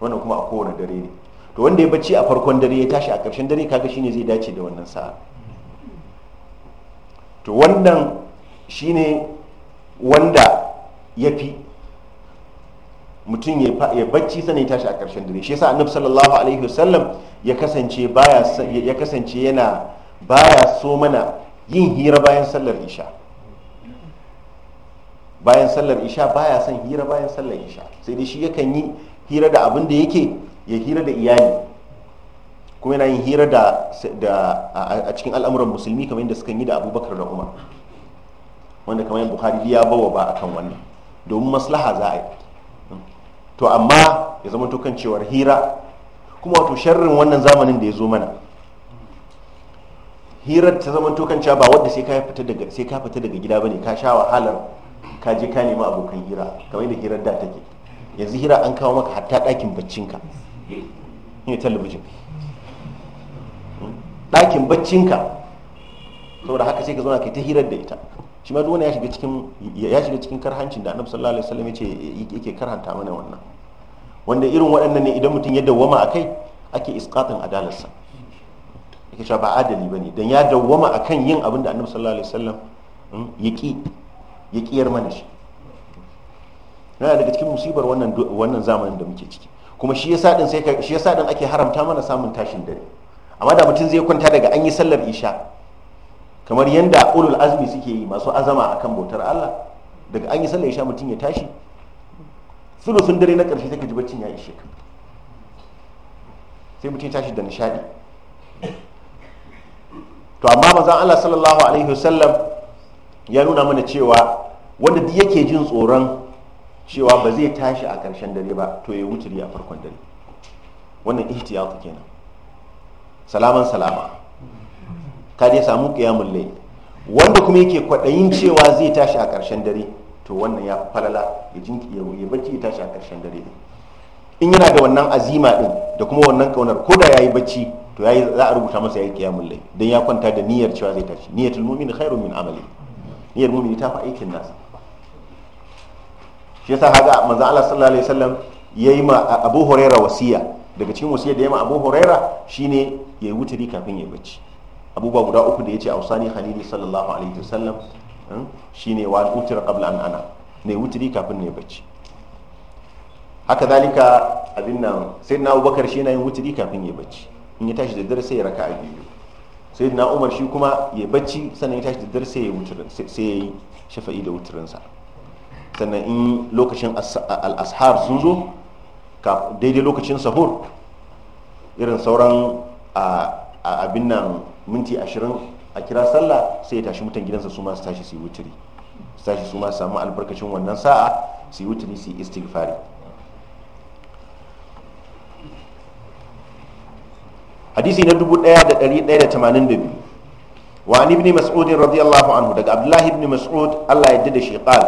wannan kuma a kowane dare ne to wanda ya bacci a farkon dare ya tashi a ƙarshen dare kaga shine zai dace da wannan sa'a to wannan shine wanda ya fi mutum ya bacci sanai tashi a ƙarshen dare shi yasa annabi sallallahu alaihi wasallam ya kasance baya ya kasance yana baya so mana yin hira bayan sallar isha bayan sallar isha baya son hira bayan sallar isha sai dai shi yakan yi hira da abin da yake ya hira da iyali kuma yana yin hira da a cikin al'amuran musulmi kamar yadda suka yi da abubakar da umar wanda kamar yin ya bawa ba akan wannan domin maslaha za a yi to amma ya zama kan cewar hira kuma wato sharrin wannan zamanin da ya zo mana hirar ta zama tokan ba wadda sai ka fita daga fita daga gida bane ka sha wahalar ka je ka nemi abokan hira kamar yadda hirar da take yanzu hira an kawo maka hatta dakin baccinka ne talabijin ɗakin baccinka saboda haka sai ka zauna kai ta hirar da ita shi ma duk ya shiga cikin ya shiga cikin karhancin da annabi sallallahu alaihi wasallam ce yake karhanta mana wannan wanda irin waɗannan ne idan mutum ya dawwama akai ake isqatin adalarsa yake cewa ba adali ba ne don ya dawwama a kan yin abin da annabi sallallahu alaihi wasallam hmm, ya ƙi ya mana shi yana daga cikin musibar wannan zamanin da muke ciki kuma shi ya din ake haramta mana samun tashin dare amma da mutum zai kwanta daga an yi sallar isha kamar yadda ulul azmi suke yi masu azama akan bautar Allah daga an yi sallar isha mutum ya tashi sulusun dare na ƙarshe sai ka ji baccin ya ishe ka sai mutum ya tashi da nishadi to amma manzon Allah sallallahu alaihi wasallam ya nuna mana cewa wanda duk yake jin tsoron cewa ba zai tashi a ƙarshen dare ba to ya wuce a farkon dare wannan ihtiyatu kenan salaman salama ka dai samu qiyamul layl wanda kuma yake kwaɗayin cewa zai tashi a ƙarshen dare to wannan ya falala ya jinki ya bacci ya tashi a ƙarshen dare in yana da wannan azima din da kuma wannan kaunar ko da yayi bacci to yayi za a rubuta masa yayi qiyamul layl dan ya kwanta da niyyar cewa zai tashi niyyatul mu'min khairun min amali niyyar mu'mini ta fa aikin nasa shi yasa haga manzo Allah sallallahu alaihi wasallam yayi ma Abu Hurairah wasiya daga cikin wasiyar da yayi ma Abu Hurairah shine yayi wuturi kafin ya bacci abubuwa guda uku da yace ausani khalili sallallahu alaihi wasallam hmm, shine wa utira qabla an ana ne wuturi kafin ne bacci haka zalika abin nan na Abubakar shi na yin wuturi kafin ya bacci in ya tashi da dare sai ya raka a biyu sai na umar shi kuma ya bacci sannan ya tashi da dare sai ya yi shafa'i da wuturinsa sannan in lokacin al'ashar sun zo daidai lokacin sahur irin sauran abin nan minti ashirin a kira sallah sai ya tashi mutan gidansa su masu su tashi su yi wuturi su tashi su ma albarkacin wannan sa'a su yi wuturi su yi istighfari hadisi na 1182 wa an ibn mas'ud radiyallahu anhu daga abdullahi ibn mas'ud Allah ya da shi qal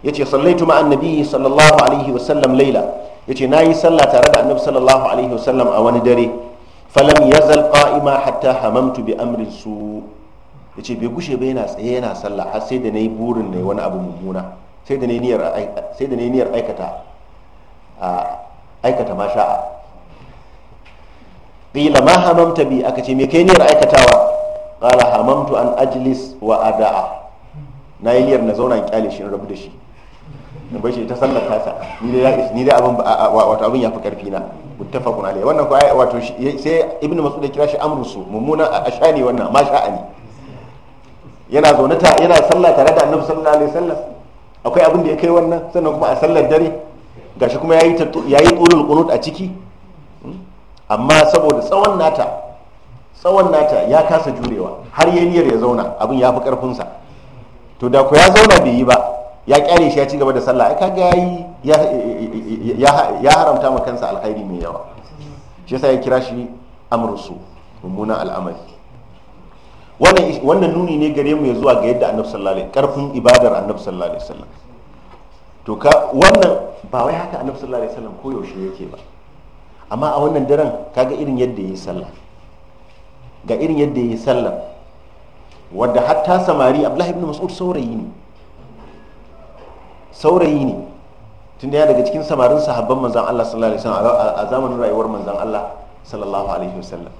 yace sallaitu ma'an nabiyyi sallallahu alaihi wa sallam laila yace nayi sallah tare da annabi sallallahu alaihi wa sallam a wani dare falam yazal ima hatta hamamtu bi amrin yace bai gushe ba yana tsaye yana sallah har sai da nayi burin nayi wani abu mummuna sai da sai da nayi niyyar aikata a aikata masha'a qila ma hamamta bi aka ce me kai niyyar aikatawa qala hamamtu an ajlis wa ada'a na yi niyyar na zauna in kyale shi in rabu da shi na bai shi ta sallar tasa ni dai abin wato abin ya fi karfi na muttafaqun alayhi wannan ko wato sai Ibn mas'ud ya kira shi amru su mummuna ashani wannan ma sha'ani yana zaune ta yana sallah tare da annabi sallallahu alaihi wasallam akwai abin da ya kai wannan sannan kuma a sallar dare gashi kuma yayi yayi qulul qunut a ciki amma saboda tsawon nata tsawon nata ya kasa jurewa har yi niyyar ya zauna abin ya fi karfinsa to da ku ya zauna bai yi ba ya kyale shi ya ci gaba da sallah ai kaga yi ya haramta ma kansa alkhairi mai yawa shi yasa ya kira shi amrusu mummunan al'amari wannan nuni ne gare mu ya zuwa ga yadda annabi sallallahu alaihi karfin ibadar annabi sallallahu alaihi wasallam to ka wannan ba wai haka annabi sallallahu alaihi wasallam yaushe yake ba amma a wannan daren kaga irin yadda yi sallah ga irin yadda yi sallah wadda hatta samari abdullahi ibn mas'ud saurayi ne saurayi ne tunda ya daga cikin samarin sahabban manzan Allah sallallahu alaihi wasallam a zamanin rayuwar manzan Allah sallallahu alaihi wasallam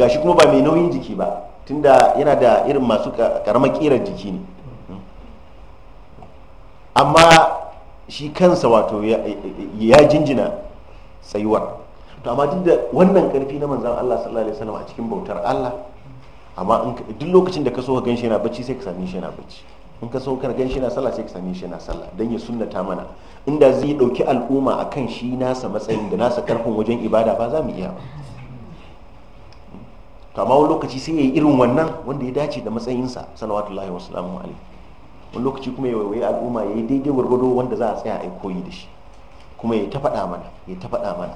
gashi kuma ba mai nauyin jiki ba tunda yana da irin masu karamar kirar jiki ne amma shi kansa wato ya jinjina tsayuwar to amma duk da wannan karfi na manzan Allah sallallahu alaihi wasallam a cikin bautar Allah amma duk lokacin da ka so ka ganshi yana bacci sai ka same shi yana bacci in ka so ka ganshi yana sallah sai ka same shi yana sallah dan ya sunnata mana inda zai dauki al'umma akan shi nasa matsayin da nasa karfin wajen ibada ba za mu iya ba to amma wani lokaci sai yayi irin wannan wanda ya dace da matsayinsa salawatullahi wa salamu alaihi wani lokaci kuma ya waye al'umma ya yi daidai gwargwado wanda za a tsaya a yi koyi da shi kuma ya ta faɗa mana ya ta faɗa mana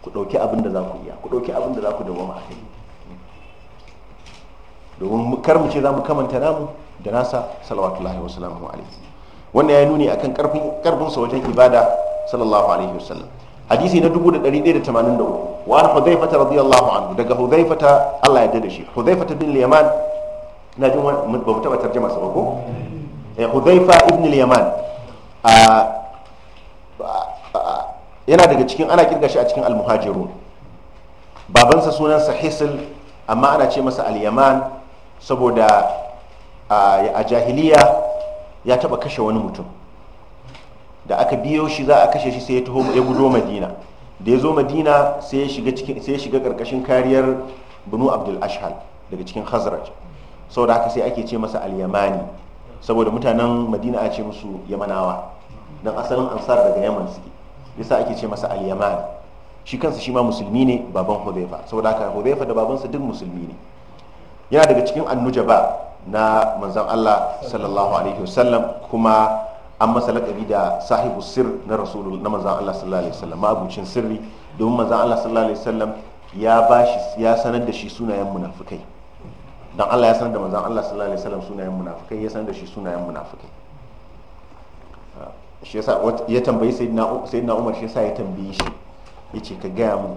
ku ɗauki abin da za ku iya ku ɗauki abin da za ku dawo a kai domin kar mu ce za mu kamanta namu da nasa salawatullahi wasalamu alaihi wannan ya nuni akan karfin karfin sa wajen ibada sallallahu alaihi wa sallam hadisi na 1183 wa an hudhaifata radiyallahu anhu daga hudhaifata Allah ya dada shi hudhaifata bin yaman na jin ba mu taba tarjuma sa ba ko eh hudhaifa ibn al-yaman a ah, yana daga cikin ana kirga shi a cikin almuhajirun babansa sa hisil amma ana ce masa al-yaman saboda a jahiliya ya taba kashe wani mutum da aka biyo shi za a kashe shi sai ya taho ya gudo madina da ya zo madina sai ya shiga karkashin kariyar bunu abdul ashal daga cikin khazraj saboda haka sai ake ce masa al-yamani saboda mutanen madina a ce musu yamanawa don asalin ansar daga yaman suke yasa ake ce masa al-yaman shi kansa shi ma musulmi ne baban hudayfa saboda haka hudayfa da babansa duk musulmi ne yana daga cikin annujaba na manzon Allah sallallahu alaihi wasallam kuma an masa laƙabi da sahibu sir na rasulul na manzon Allah sallallahu alaihi wasallam ma'abucin sirri domin manzon Allah sallallahu alaihi wasallam ya bashi ya sanar da shi sunayen munafikai dan Allah ya sanar da manzon Allah sallallahu alaihi wasallam sunayen munafikai ya sanar da shi sunayen munafikai shi yasa ya tambayi sayyidina Umar shi yasa ya tambaye shi yace ka gaya mu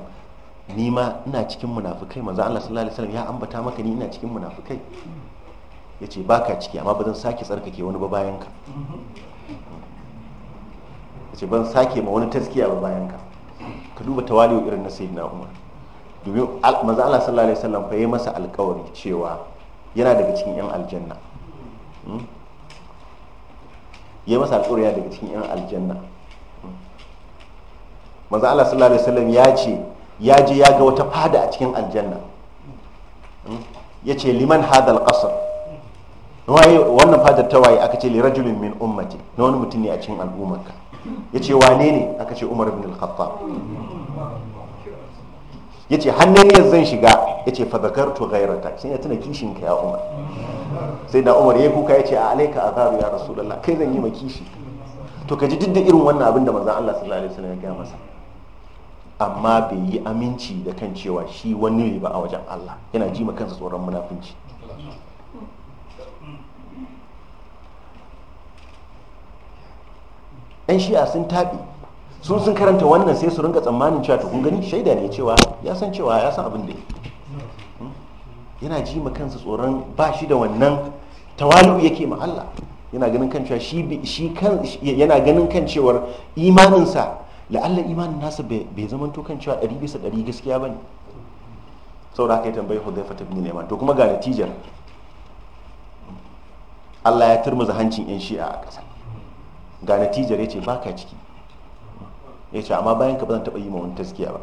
ni ma ina cikin munafukai manzo Allah sallallahu alaihi wasallam ya ambata maka ni ina cikin munafukai yace baka ciki amma ba zan sake tsarkake wani ba bayan ka yace ban sake ma wani taskiya ba bayan ka ka duba tawali'u irin na sayyidina Umar domin manzo Allah sallallahu alaihi wasallam fa yayi masa alƙawari cewa yana daga cikin yan aljanna hmm? ya masa alƙurya daga cikin 'yan aljanna Maza Allah sallallahu alaihi wasallam ya ce ya je ya ga wata fada a cikin aljanna ya ce liman hadal qasr waye wannan fadar ta waye aka ce li rajulin min ummati na wani mutum ne a cikin al'ummarka ya ce wane ne aka ce umar ibn al-khattab ya ce hannun yanzu zan shiga ya ce fadakartu gairata sai ya tuna kishin ka ya umar sai da umar ya kuka ya ce a alaika a zaru ya rasulullah kai zan yi ma kishi to ka ji duk da irin wannan abin da manzon Allah sallallahu alaihi wasallam ya gaya masa amma bai yi aminci da kan cewa shi wani ne ba a wajen Allah yana ji ma kansa tsoron munafunci yan shi'a sun taɓi sun sun karanta wannan sai su ringa tsammanin cewa to kun gani shaida ne cewa ya san cewa ya san abin da hmm? yana ji ma kansa tsoron ba shi da wannan tawalu yake ma Allah yana ganin kan cewa shi shi kan yana ganin kan cewar imaninsa la'alla imanin nasa bai to kan cewa ɗari bisa ɗari gaskiya bane saboda haka ya tambayi Hudhaifa ibn ma to kuma ga natijar Allah ya turmuza hancin yan shi'a a ƙasa ga natijar ya ce baka ciki ya ce amma bayan ka ba zan taɓa yi ma wani taskiya ba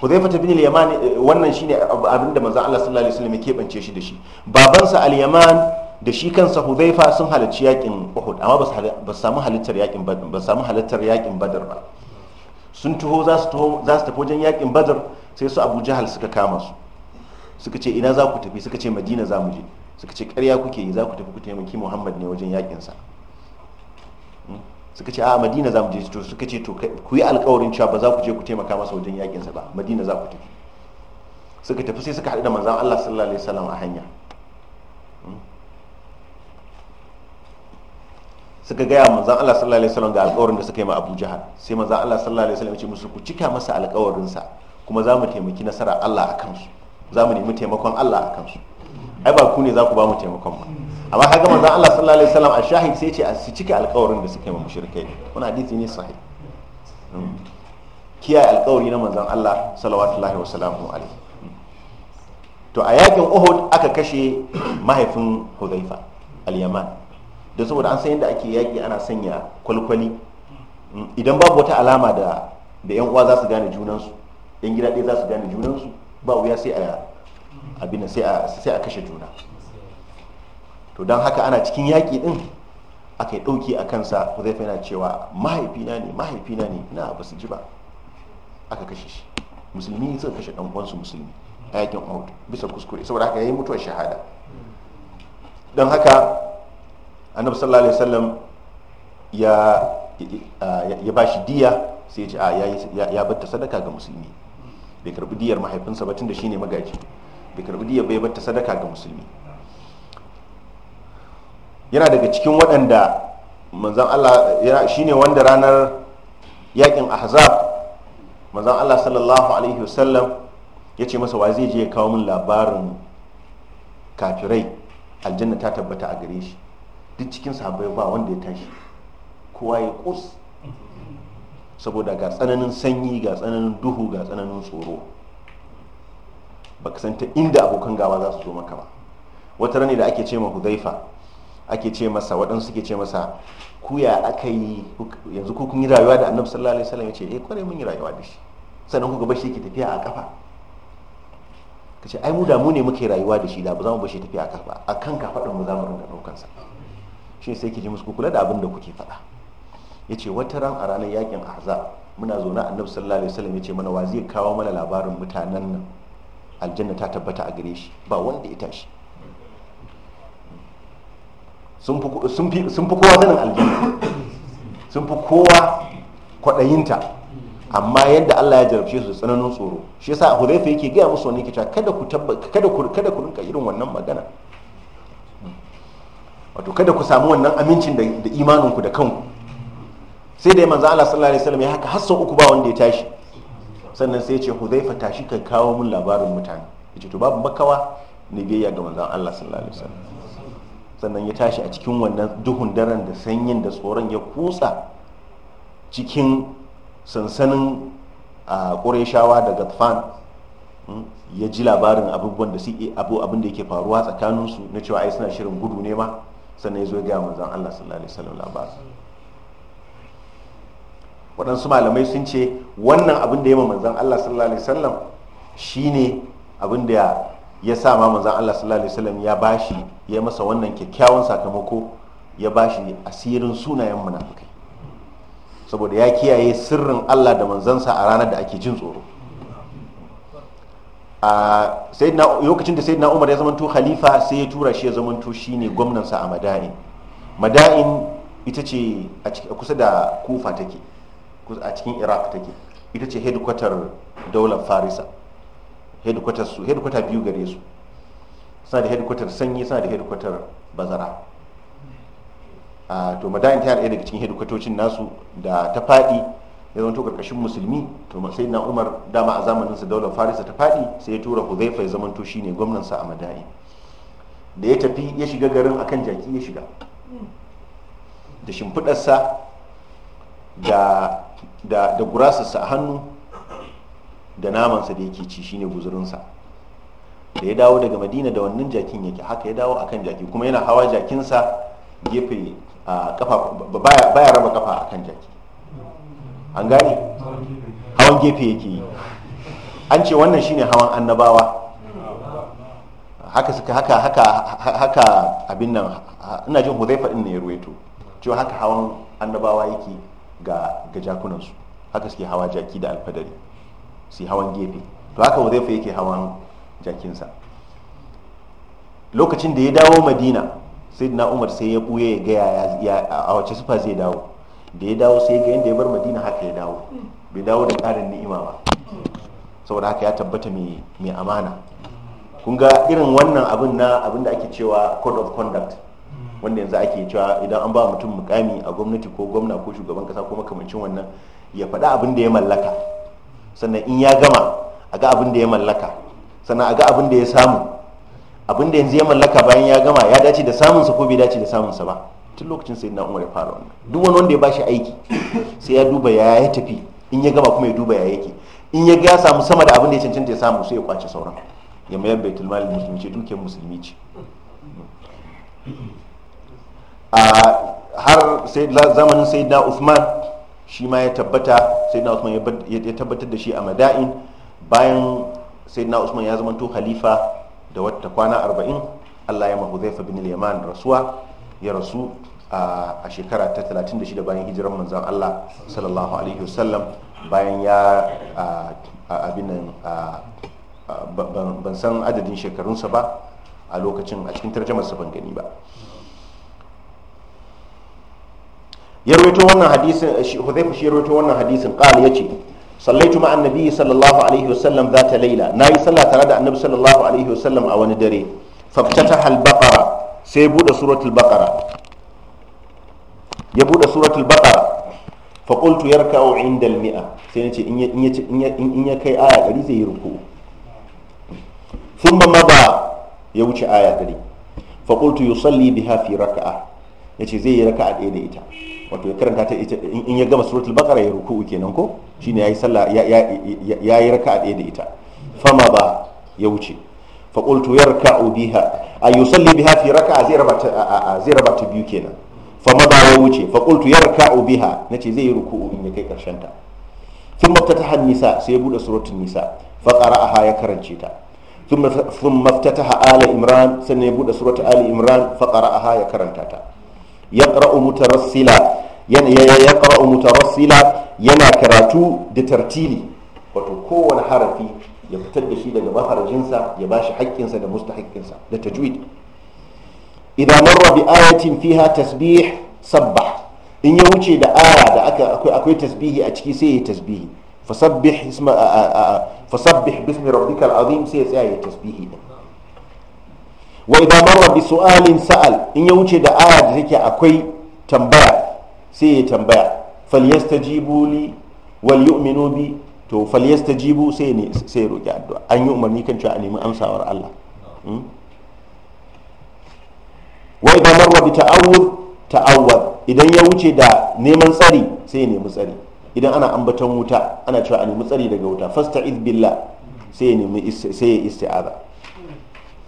Hudhaifa bin al-Yaman eh, wannan shine abin da manzon Allah sallallahu alaihi wasallam ya bance shi da shi babansa al-Yaman da shi kansa huzaifa sun halarci yakin Uhud amma ba su samu halittar yakin Badr ba samu halittar yakin Badr ba sun taho za su taho za su tafi wajen yakin Badr sai su Abu Jahal suka kama su suka ce ina za ku tafi suka ce Madina za mu je suka ce ƙarya kuke yi za ku tafi ku taimaki Muhammad ne wajen yakin sa suka ce a ah, madina za mu je to suka ce to ku yi alkawarin cewa ba za ku je ku taimaka masa wajen yakin sa ba madina za ku tafi suka tafi sai suka haɗu da manzon Allah sallallahu alaihi wasallam a hanya hmm? suka gaya manzon Allah sallallahu alaihi wasallam ga alkawarin da suka yi ma Abu Jahal sai manzon Allah sallallahu alaihi wasallam ya ce musu ku cika masa alkawarin sa kuma za mu taimaki nasara Allah a su za mu nemi taimakon Allah a su ai ba ku ne za ku ba mu taimakon ba amma kaga manzon Allah sallallahu alaihi wasallam a shahid sai ce a su cike alƙawarin da suka yi wa mushrikai wannan hadisi ne sahih hmm. kiyaye alƙawari na manzon Allah sallallahu alaihi to a yakin Uhud aka kashe mahaifin Hudhaifa al-Yaman don saboda an san yadda ake yaki ana sanya kwalkwali hmm. idan babu wata alama da da yan uwa za su gane junansu yan gida ɗaya za su gane junansu ba wuya sai a abin sai a kashe juna to don haka ana cikin yaƙi ɗin aka yi ɗauki a kansa huzaifa yana cewa mahaifina ne mahaifina ne na ba su ji ba aka kashe shi musulmi zai kashe ɗan uwansu musulmi a yakin uhud bisa kuskure saboda haka ya yi mutuwar shahada don haka annabi sallallahu alaihi wasallam ya ya ba shi diya sai ya ce a ya batta sadaka ga musulmi bai karbi diyar mahaifinsa ba tun da ne magaji bai karbi diyar bai batta sadaka ga musulmi yana daga cikin waɗanda manzan Allah shi ne wanda ranar yakin ahzab manzan Allah sallallahu alaihi wasallam ya ce masa wa zai je ya kawo min labarin kafirai aljanna ta tabbata a gare shi duk cikin sahabbai ba wanda ya tashi kowa ya kus saboda ga tsananin sanyi ga tsananin duhu ga tsananin tsoro ba kasanta inda abokan gawa za su zo maka ba wata rani da ake ce ma huzaifa ake ce masa waɗansu suke ce masa ku ya aka yi yanzu ku kun yi rayuwa da annabi sallallahu alaihi wasallam yace eh kware mun yi rayuwa da shi sannan kuka bar shi yake tafiya a kafa kace ai mu da mu ne muke rayuwa da shi da ba za mu bashi tafiya a kafa a kan kafaɗin mu za mu rinka ɗaukan sa shi sai ki ji musu kula da abin da kuke faɗa yace wata ran a ranar yakin ahzab muna zaune annabi sallallahu alaihi wasallam ya ce mana wa zai kawo mana labarin mutanen nan aljanna ta tabbata a gare shi ba wanda ya tashi sun fi kowa sanin aljanna sun fi kowa kwaɗayinta amma yadda Allah ya jarabce su tsananin tsoro shi yasa Hudayfa yake gaya musu wani kica kada ku kada kada ku rinka irin wannan magana wato kada ku samu wannan amincin da imanin ku da kanku sai dai manzo Allah sallallahu alaihi wasallam ya haka hassan uku ba wanda ya tashi sannan sai ya ce Hudayfa tashi ka kawo mun labarin mutane yace to babu makawa ne biyayya ga manzo Allah sallallahu alaihi wasallam sannan ya tashi a cikin wannan duhun daren da sanyin da tsoron ya kusa cikin sansanin a ƙureshawa da gatfan hmm? ya ji labarin abubuwan da suke abu abin da yake faruwa tsakaninsu na cewa ai suna shirin gudu ne ma sannan ya zo ga manzon Allah sallallahu alaihi wasallam labarin waɗansu malamai sun ce wannan abin da ya ma manzon Allah sallallahu alaihi wasallam shine abin da ya sa ma manzan Allah sallallahu alaihi wasallam ya bashi ya masa wannan kyakkyawan sakamako ya bashi asirin sunayen munafikai saboda ya kiyaye sirrin Allah da manzansa a ranar da ake jin tsoro a lokacin da sayyidina Umar ya zamanto khalifa sai ya tura shi ya zamanto shine gwamnan sa a Mada'in Mada'in ita ce a kusa da Kufa take a cikin Iraq take ita ce hedkwatar daular Farisa headquarters su headquarter biyu gare su suna da headquarter sanyi suna da headquarter bazara a ah, to madain ta ɗaya daga cikin headquartocin nasu da ta faɗi ya zama to karkashin musulmi to sai na umar dama a zamanin sa daular farisa ta faɗi sai ya tura huzaifa ya zama to shine gwamnan sa a madain da ya tafi ya shiga garin akan jaki ya shiga da shimfiɗarsa da da, da gurasarsa a hannu da namansa da yake ci shine guzurinsa da ya dawo daga madina da wannan jakin yake haka ya dawo akan jaki kuma yana hawa jakinsa gefe a kafa baya raba kafa akan jaki an gane hawan gefe yake yi an ce wannan shine hawan annabawa haka suka haka haka haka abin nan ina jin huzaifa din ne ya ruwaito cewa haka hawan annabawa yake ga ga jakunansu haka suke hawa jaki da alfadari su hawan gefe to haka huzaifa yake hawan jakinsa lokacin da ya dawo madina sai na umar sai ya buye ya gaya a wace sufa zai dawo da ya dawo sai ga yadda ya bar madina haka ya dawo bai dawo da ƙarin ni'ima ba saboda haka ya tabbata mai amana kun ga irin wannan abin na abin da ake cewa code of conduct wanda yanzu ake cewa idan an ba mutum mukami a gwamnati ko gwamna ko shugaban kasa ko makamancin wannan ya faɗa abin da ya mallaka sannan in ya gama a ga abin da ya mallaka sannan a ga abin da ya samu abin da yanzu ya mallaka bayan ya gama ya dace da samunsa ko bai dace da samunsa ba tun lokacin sai na umar ya fara wannan duk wani wanda ya bashi aiki sai ya duba ya ya tafi in ya gama kuma ya duba ya yake in ya ga ya samu sama da abin da ya cancanta ya samu sai ya kwace sauran ya mayar baitul mali musulmi ce dukiyar musulmi ce a har zamanin sayyidina Uthman shi ma ya tabbata sai na usman ya tabbatar da shi a mada'in bayan sai na usman ya zamanto halifa da wata kwana arba'in allah ya mahu zaifa bin yaman rasuwa ya rasu a shekara ta 36 bayan hijiran manzan allah sallallahu alaihi wasallam bayan ya abin nan ban san adadin shekarunsa ba a lokacin a cikin sa ban gani ba ya rawaito wannan hadisin eh, Hudhayfa shi rawaito wannan hadisin qala yace sallaitu ma'an nabiyyi sallallahu alaihi wasallam zata laila nayi sallah tare da annabi sallallahu alaihi wasallam a wani dare faftataha al-baqara sai bude suratul baqara ya bude suratul baqara fa qultu yarka'u inda al-mi'a sai nace in ya in ya in ya kai aya gari zai yi ruku thumma mada ya wuce aya gari fa qultu yusalli biha fi raka'a yace zai yi raka'a ɗaya da ita wato ya karanta ta ita in ya gama suratul baqara ya ruku'u kenan ko shine yayi sallah ya yi raka'a ɗaya da ita fama ba ya wuce fa qultu yarka'u biha ay yusalli biha fi raka'a zai raba ta zai raba ta biyu kenan fa ma ba ya wuce fa qultu yarka'u biha nace zai yi ruku'u in ya kai karshen ta thumma ftataha nisa sai ya bude suratul nisa fa qara'aha ya karance ta ثم ثم افتتح آل إمران سنة يبود سورة آل إمران فقرأها يكرن تاتا يقرأ مترسلا ya ƙara'u mutarassila yana karatu da tartili wato kowane harafi ya fitar da shi daga mafarjinsa ya bashi haƙƙinsa da mustahaƙƙinsa da tajwid idan marra bi ayatin fiha tasbih sabbah in ya wuce da aya da aka akwai akwai tasbihi a ciki sai ya tasbihi fasabbih isma fasabbih bismi rabbikal azim sai ya tsaya ya tasbihi wa idan marra bi su'alin sa'al in ya wuce da aya da take akwai tambaya sai ya tambaya falyastajibu li wal yu'minu bi to falyastajibu sai ne sai ya roki addu'a an yi umarni kan cewa a nemi amsawar Allah hmm? wa idza marra bi ta'awud ta'awwad idan ya wuce da neman tsari sai ya nemi tsari idan ana ambaton wuta ana cewa a nemi tsari daga wuta fasta'iz billah sai ya nemi sai ya isti'aza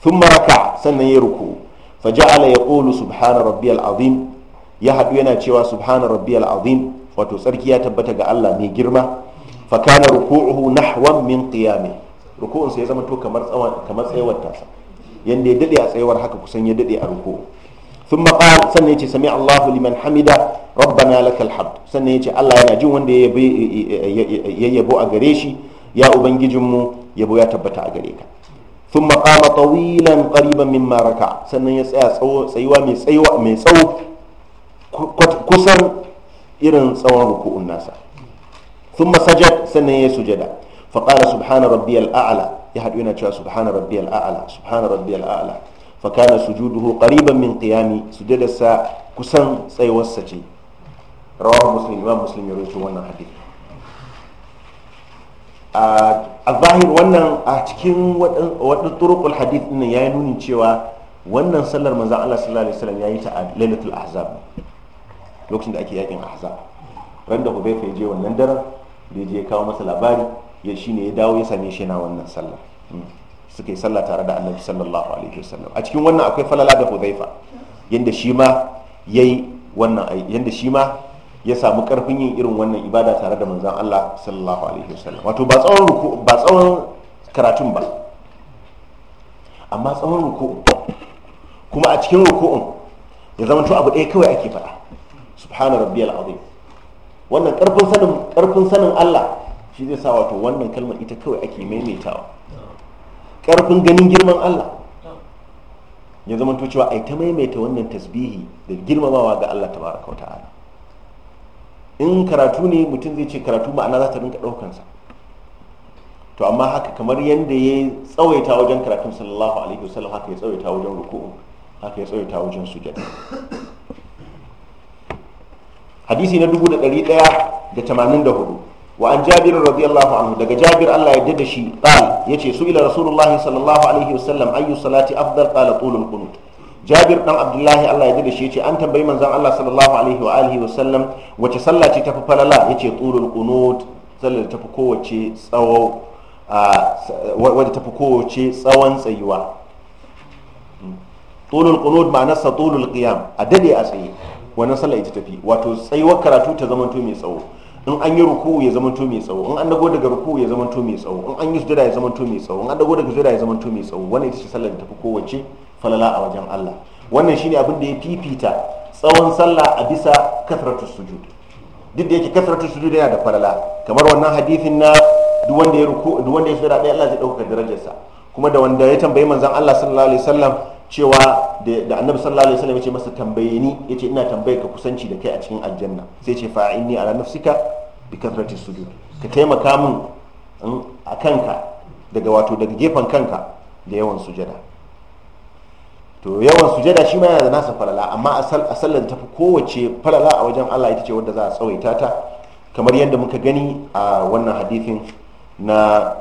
thumma raka sannan ya ruku fa ja'ala yaqulu subhana rabbiyal azim ya haɗu yana cewa subhana rabbi azim wato tsarki ya tabbata ga Allah mai girma fa kana ruku'uhu nahwan min qiyami ruku'un sa ya zama to kamar tsawon kamar tsayawar tasa yanda ya dade a tsayawar haka kusan ya dade a ruku'u thumma qala sannan yace sami Allahu liman hamida rabbana lakal hamd sannan yace Allah yana jin wanda ya yabo a gare shi ya ubangijinmu yabo ya tabbata a gare ka thumma qama tawilan qariban mimma raka sannan ya tsaya tsayuwa mai tsawo mai tsawo kusan irin tsawon ruku'un nasa sun masajad sannan ya sujada faƙala subhana rabbiyal a'la ya haɗu yana cewa subhana rabbiyal a'la subhana rabbiyal a'la fakana sujuduhu qariban min qiyami sa kusan tsayuwarsa ce rawahu musulmi imam musulmi ya rawaito wannan hadith a zahir wannan a cikin waɗin turuqul hadith ɗin ya yi nuni cewa wannan sallar manzon Allah sallallahu alaihi wasallam yi ta a lailatul ahzab lokacin da ake yakin ahzab ran da hudayfa ya je wannan daren da ya je kawo masa labari ya shine ya dawo ya same shi na wannan sallah hmm. suka yi sallah tare da annabi sallallahu alaihi wasallam a cikin wannan akwai falala da hudayfa yanda shi ma yayi wannan yanda shi ma ya samu karfin yin irin wannan ibada tare da manzon Allah sallallahu alaihi wasallam wato ba tsawon ba tsawon karatun ba amma tsawon ruku'un kuma a cikin ruku'un ya zama to abu ɗaya kawai ake faɗa subhana rabbi al'adu wannan karfin sanin Allah shi zai sa wato wannan kalmar ita kawai ake maimaitawa karfin ganin girman Allah ya zama to cewa ai ta maimaita wannan tasbihi da girmamawa ga Allah tabaraka in karatu ne mutum zai ce karatu ma'ana za ta rinka ɗaukansa to amma haka kamar yadda ya tsawaita wajen karatun sallallahu alaihi wasallam haka ya tsawaita wajen ruku'u haka ya tsawaita wajen sujada hadisi na dubu da da tamanin 1184 wa an jabir radiyallahu anhu daga jabir Allah ya da shi qal yace su ila rasulullah sallallahu alaihi wasallam ayyu salati afdal qala tulul qunut jabir dan abdullahi Allah ya da shi yace an tambayi manzon Allah sallallahu alaihi wa alihi wasallam wace sallah ce tafi falala yace tulul qunut sallar tafi kowace tsawo wadda tafi kowace tsawon tsayuwa hmm. tulul qunut ma'anarsa tulul qiyam a dade a tsaye wannan sallah ita tafi wato tsayuwar karatu ta zamanto mai tsawo in an yi ruku ya zamanto mai tsawo in an dago daga ruku ya zamanto mai tsawo in an yi sujada ya zamanto mai tsawo in an dago daga sujada ya zamanto mai tsawo wannan ita ce sallar da tafi kowace falala a wajen Allah wannan shine abin da ya fifita tsawon sallah a bisa kasratus sujud duk da yake kasratus sujud yana da falala kamar wannan hadisin na duk wanda ya ruku duk wanda ya sujada Allah zai dauka darajarsa kuma da wanda ya tambayi manzon Allah sallallahu alaihi wasallam cewa da annabi sallallahu alaihi wasallam ya ce masa tambaye ni yace ina tambaye ka kusanci da kai a cikin aljanna sai ce fa inni ala nafsika bi kasratis sujud ka taimaka min um, a kanka daga wato daga gefen kanka da yawan sujada to yawan sujada shi ma yana da nasa falala amma a sallar ta fi kowace falala a wajen Allah ita ce wadda za a tsawaita ta kamar yadda muka gani a wannan hadithin na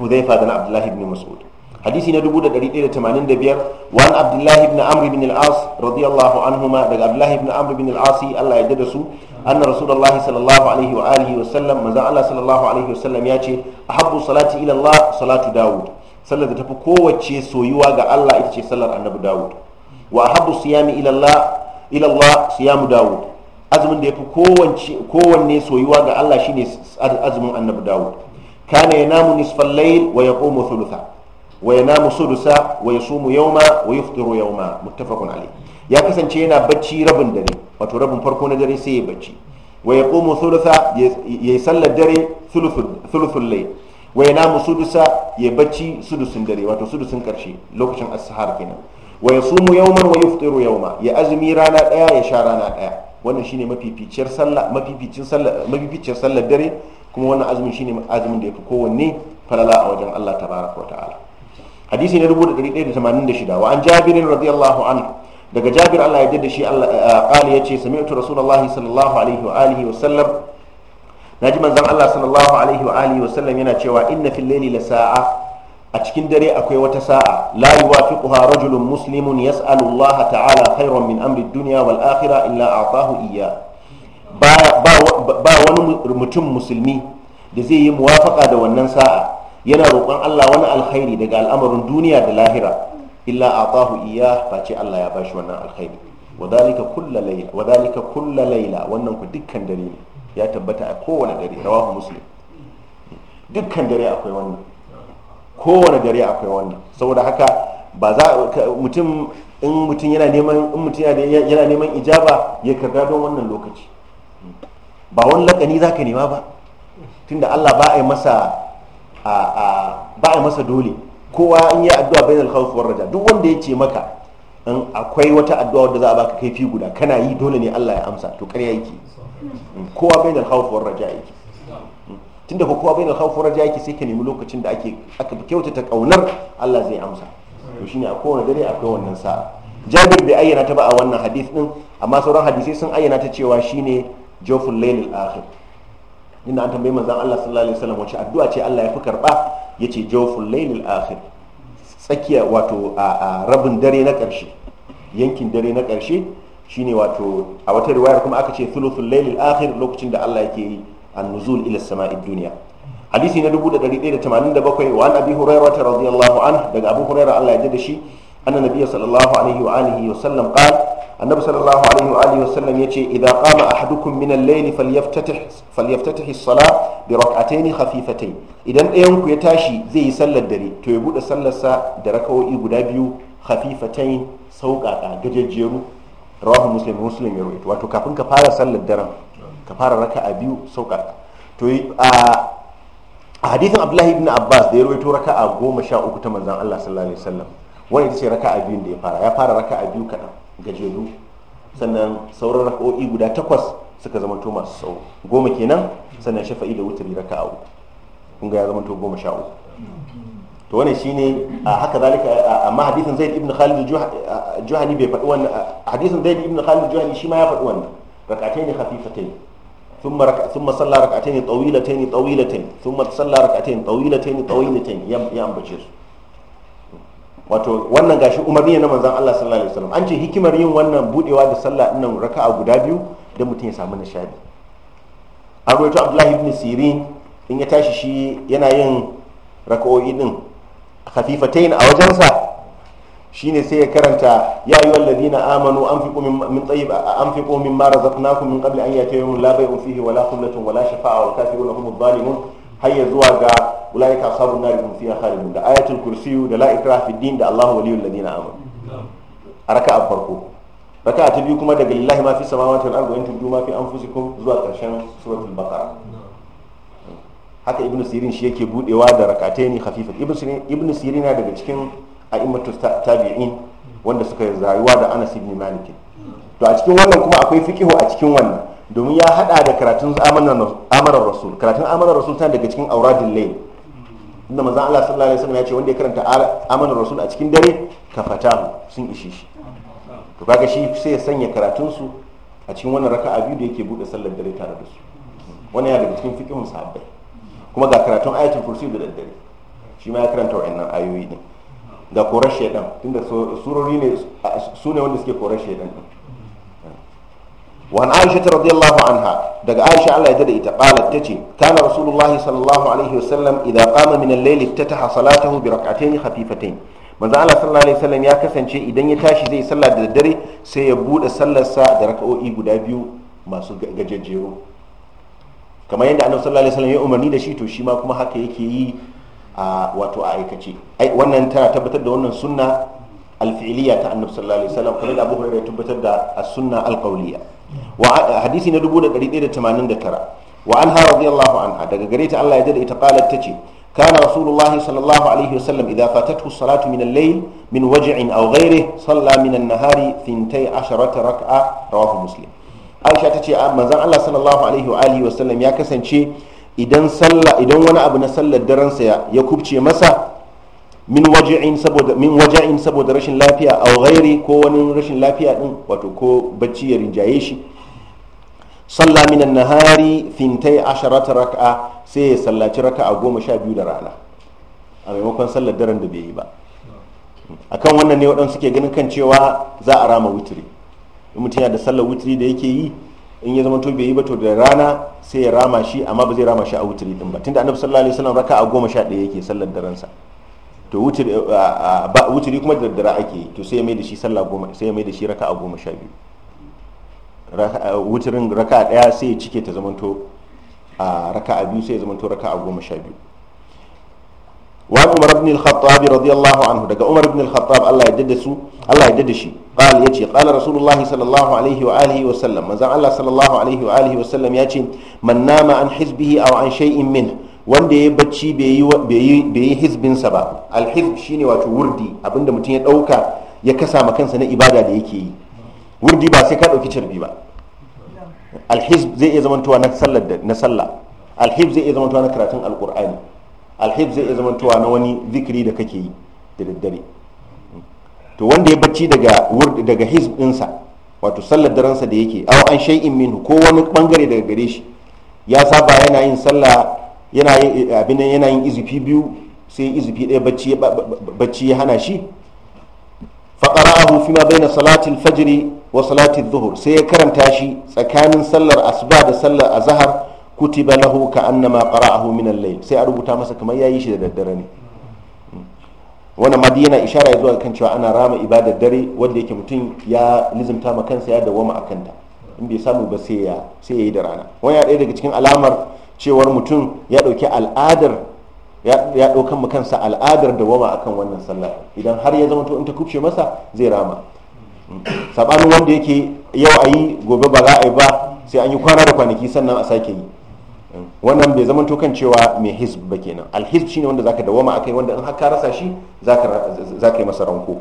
Hudhaifa da na Abdullahi ibn Mas'ud hadisi na 1185 wan abdullahi ibn amr ibn al-as radiyallahu anhuma daga abdullahi ibn amr ibn al-as Allah ya dada su anna rasulullahi sallallahu alaihi wa alihi wa sallam manzo Allah sallallahu alaihi wa sallam ya ce ahabbu salati ila Allah salatu daud sallar da tafi kowace soyuwa ga Allah ita ce salar annabi daud wa ahabbu siyami ila Allah ila Allah siyamu daud azumin da ya fi kowanne soyuwa ga Allah shine azumin annabi daud kana yanamu nisfal layl wa ya koma thulutha wa yanamu sudusa wa yasumu yawma wa yufṭiru yawma muttafaqun alayh ya kasance yana bacci rabin dare wato rabin farko na dare sai ya bacci wa yaqumu thulutha ya sallar dare thuluthul layl wa yanamu sudusa ya bacci sudusin dare wato sudusin karshe lokacin as-sahar kenan wa yasumu yawman wa yufṭiru yawma ya azumi rana daya ya sha rana daya wannan shine mafificiyar sallah dare kuma wannan azumin shine azumin da yafi kowanne falala a wajen Allah tabaraka wa ta'ala hadisi ne 1186 wa an jabirin radiyallahu anhu daga jabir Allah ya da shi eh, eh, qali yace sami'tu rasulullahi sallallahu alaihi wa alihi wa sallam naji manzon Allah sallallahu alaihi wa alihi wa sallam yana cewa inna fil laili la sa'a a cikin dare akwai wata sa'a la yuwafiquha rajulun muslimun yas'alu Allah ta'ala khairan min amri dunya wal akhirah illa a'tahu iyya ba ba wani mutum musulmi da zai yi muwafaka da wannan sa'a yana roƙon Allah wani alkhairi daga al'amarin duniya da lahira illa a atahu iya face Allah ya bashi wannan alkhairi wadalika kulla laila kulla wannan ku dukkan dare ne ya tabbata a kowane dare rawahu muslim dukkan dare akwai wannan kowane dare akwai wannan saboda haka ba za mutum in mutum yana neman in mutum yana neman ijaba ya karga don wannan lokaci ba wani lakani zaka nema ba tunda Allah ba a yi masa ba a masa dole kowa in yi addu'a bainal khawf war raja duk wanda ya ce maka in akwai wata addu'a wadda za a baka kaifi guda kana yi dole ne Allah ya amsa to ƙarya yake mm, kowa bainal khawf war raja yake mm, tunda ko kowa bainal khawf war raja yake sai ka nemi lokacin da ake aka kyautata kaunar Allah zai amsa to shine a kowane dare akwai wannan sa'a jabir bai ayyana ta ba a wannan hadith din amma sauran hadisai sun ayyana ta cewa shine jawful lailil akhir inda an tambayi manzon Allah sallallahu alaihi wasallam wace addu'a ce Allah ya fi karba ce jawful laylil akhir tsakiya wato a rabin dare na ƙarshe yankin dare na karshe shine wato a wata riwayar kuma aka ce thuluthul laylil akhir lokacin da Allah yake yi an-nuzul ila sama'id duniya hadisi na 1187 wa an abi hurairah radiyallahu anhu daga abu hurairah Allah ya ji da shi anna nabiyya sallallahu alaihi wa alihi wa sallam qala annabi sallallahu alaihi wa alihi wasallam yace idza qama ahadukum min al-layl falyaftatih falyaftatih as-salah bi rak'atayn khafifatayn idan ɗayan ku ya tashi zai yi sallar dare to ya bude sallar sa da rakawoyi guda biyu khafifatayn sauƙaƙa gajejjeru rawahu muslim muslim ya rawaito wato kafin ka fara sallar daren ka fara raka'a biyu sauƙaƙa to a a hadithin abdullahi ibn abbas da ya rawaito raka'a goma sha uku ta manzon allah sallallahu alaihi wasallam wani ita ce raka'a biyun da ya fara ya fara raka'a biyu kaɗan gajeru sannan sauran raka'o'i guda takwas suka zama to masu tsawo goma kenan sannan shafa'i da wuturi raka'a uku kun ga ya zama to goma sha uku to wannan shine a haka zalika amma hadisin zaid ibn khalid juhani bai faɗi wannan hadisin zaid ibn khalid juhani shi ma ya faɗi wannan rak'atayn khafifatayn thumma رك... ثم صلى ركعتين طويلتين طويلتين ثم صلى ركعتين طويلتين طويلتين يم يم بشير wato wannan gashi umarni na manzon Allah sallallahu alaihi wasallam an ce hikimar yin wannan budewa da sallah nan raka'a guda biyu da mutum ya samu nishadi a rawaito Abdullahi ibn Sirin in ya tashi shi yana yin raka'o'i din khafifatain a wajen sa shine sai ya karanta ya ayu alladhina amanu anfiqu min tayyib anfiqu ma razaqnakum min qabli an yatiyum la bay'un fihi wala khullatun wala shafa'a wal kafiruna humud zalimun hayya zuwa ga ulaika ashabun nar hum fiha khalidun da ayatul kursiyu da la ikraha fid din da Allahu waliyul ladina amanu a raka'a farko raka'a ta biyu kuma daga lillahi ma fi samawati wal ardi wa antum ma fi anfusikum zuwa karshen suratul baqara haka ibnu sirin shi yake budewa da rakataini khafifat ibnu sirin ibnu sirin yana daga cikin a'immatu tabi'in wanda suka rayuwa da Anas ibn Malik to a cikin wannan kuma akwai fiqihu a cikin wannan domin ya hada da karatun amanar rasul karatun amanar rasul ta daga cikin auradin layl inda manzon Allah sallallahu alaihi wasallam ya ce wanda ya karanta amanar rasul a cikin dare ka fata sun ishi shi to kaga shi sai ya sanya karatun su a cikin wannan raka'a biyu da yake bude sallar dare tare da su wannan ya daga cikin fiqhun sahabbai kuma ga karatun ayatul kursi da daddare shi ma ya karanta wa'annan ayoyi din ga korar shaidan tunda surori ne su ne wanda suke korar shaidan din وعن عائشة رضي الله daga aisha عائشة على يدد قالت تتي كان رسول الله صلى الله عليه وسلم إذا قام من الليل افتتح صلاته بركعتين خفيفتين manzo Allah sallallahu alaihi wasallam ya kasance idan ya tashi zai sallah da daddare sai ya buɗe sallar sa da raka'o'i guda biyu masu gajejjeru kamar yadda annabi sallallahu alaihi ya umarni da shi to shi ma kuma haka yake yi a wato a aikace wannan tana tabbatar da wannan sunna alfi'liya ta annabi sallallahu alaihi wasallam kamar da Abu tabbatar da as-sunna al hadisi na 189 wa anha radiyallahu anha daga gare ta Allah ya jada ta qalat tace kana rasulullahi sallallahu alaihi wasallam idza fatatuhu salatu min al-layl min waj'in aw ghayrihi salla min an-nahari 12 rak'a rawahu muslim Aisha tace manzon Allah sallallahu alaihi wa alihi ya kasance idan idan wani abu na sallar daren sa ya kubce masa min waje'in saboda min waje'in saboda rashin lafiya aw ghairi ko wani rashin lafiya din wato ko bacci ya rinjaye shi salla min an-nahari fintai asharata rak'a sai ya sallaci rak'a goma sha biyu da rana a maimakon sallar daren da bai yi ba akan wannan ne waɗansu ke ganin kan cewa za a rama witiri in mutum yana da sallar witiri da yake yi in ya zama to bai yi ba to da rana sai ya rama shi amma ba zai rama shi a witiri din ba tunda annabi sallallahu alaihi wasallam raka'a goma sha ɗaya yake sallar daren sa to eh, wuturi kuma da daddara ake to sai mai da shi sallah goma sai mai da shi raka a goma sha biyu eh, wuturin raka a ɗaya sai cike ta zamanto a raka a biyu sai zamanto raka a goma sha biyu wa umar ibn al-khattab radiyallahu anhu daga umar ibn al-khattab Allah ya jaddada su Allah ya jaddada shi qal yace qal rasulullahi sallallahu alaihi wa alihi wa sallam manzon Allah sallallahu alaihi wa alihi wa sallam yace man nama an hizbihi aw an shay'in minhu wanda ya bacci bai yi hizbinsa ba alhizb shine wato wurdi abinda mutum ya ɗauka ya kasa ma kansa na ibada da yake yi wurdi ba sai ka ɗauki carbi ba alhizb zai iya zamantowa na sallar na sallah alhizb zai iya zamantowa na karatun alkur'ani alhizb zai iya zamantowa na wani zikiri da kake yi da daddare to wanda ya bacci daga daga hizb wato sallar daransa da yake aw an shay'in minhu ko wani bangare daga gare shi ya saba yana yin sallah yana yin eh, abin yana yin izufi biyu sai izufi ɗaya bacci bacci ya hana shi fa qara'ahu fi ma baina salatil fajr wa salatil dhuhr sai ya karanta shi tsakanin sallar asuba da sallar azhar kutiba lahu ka annama qara'ahu min al-layl sai a rubuta masa kamar yayi shi da daddare ne wannan ma yana ishara zuwa kan cewa ana rama ibadar dare wanda yake mutum ya lizimta ma kansa ya dawwama a kanta in bai samu ba sai ya sai yayi da rana wani ya ɗaya daga cikin alamar cewar mutum ya ɗauki al'adar ya ɗaukan kansa al'adar da wama akan wannan sallah idan har ya zama to in ta kubce masa zai rama saɓanin wanda yake yau a yi gobe ba za a yi ba sai an yi kwana da kwanaki sannan a sake yi wannan bai zama kan cewa mai hizb ba kenan alhizb shine wanda zaka dawama akai wanda in har ka rasa shi zaka yi masa ranko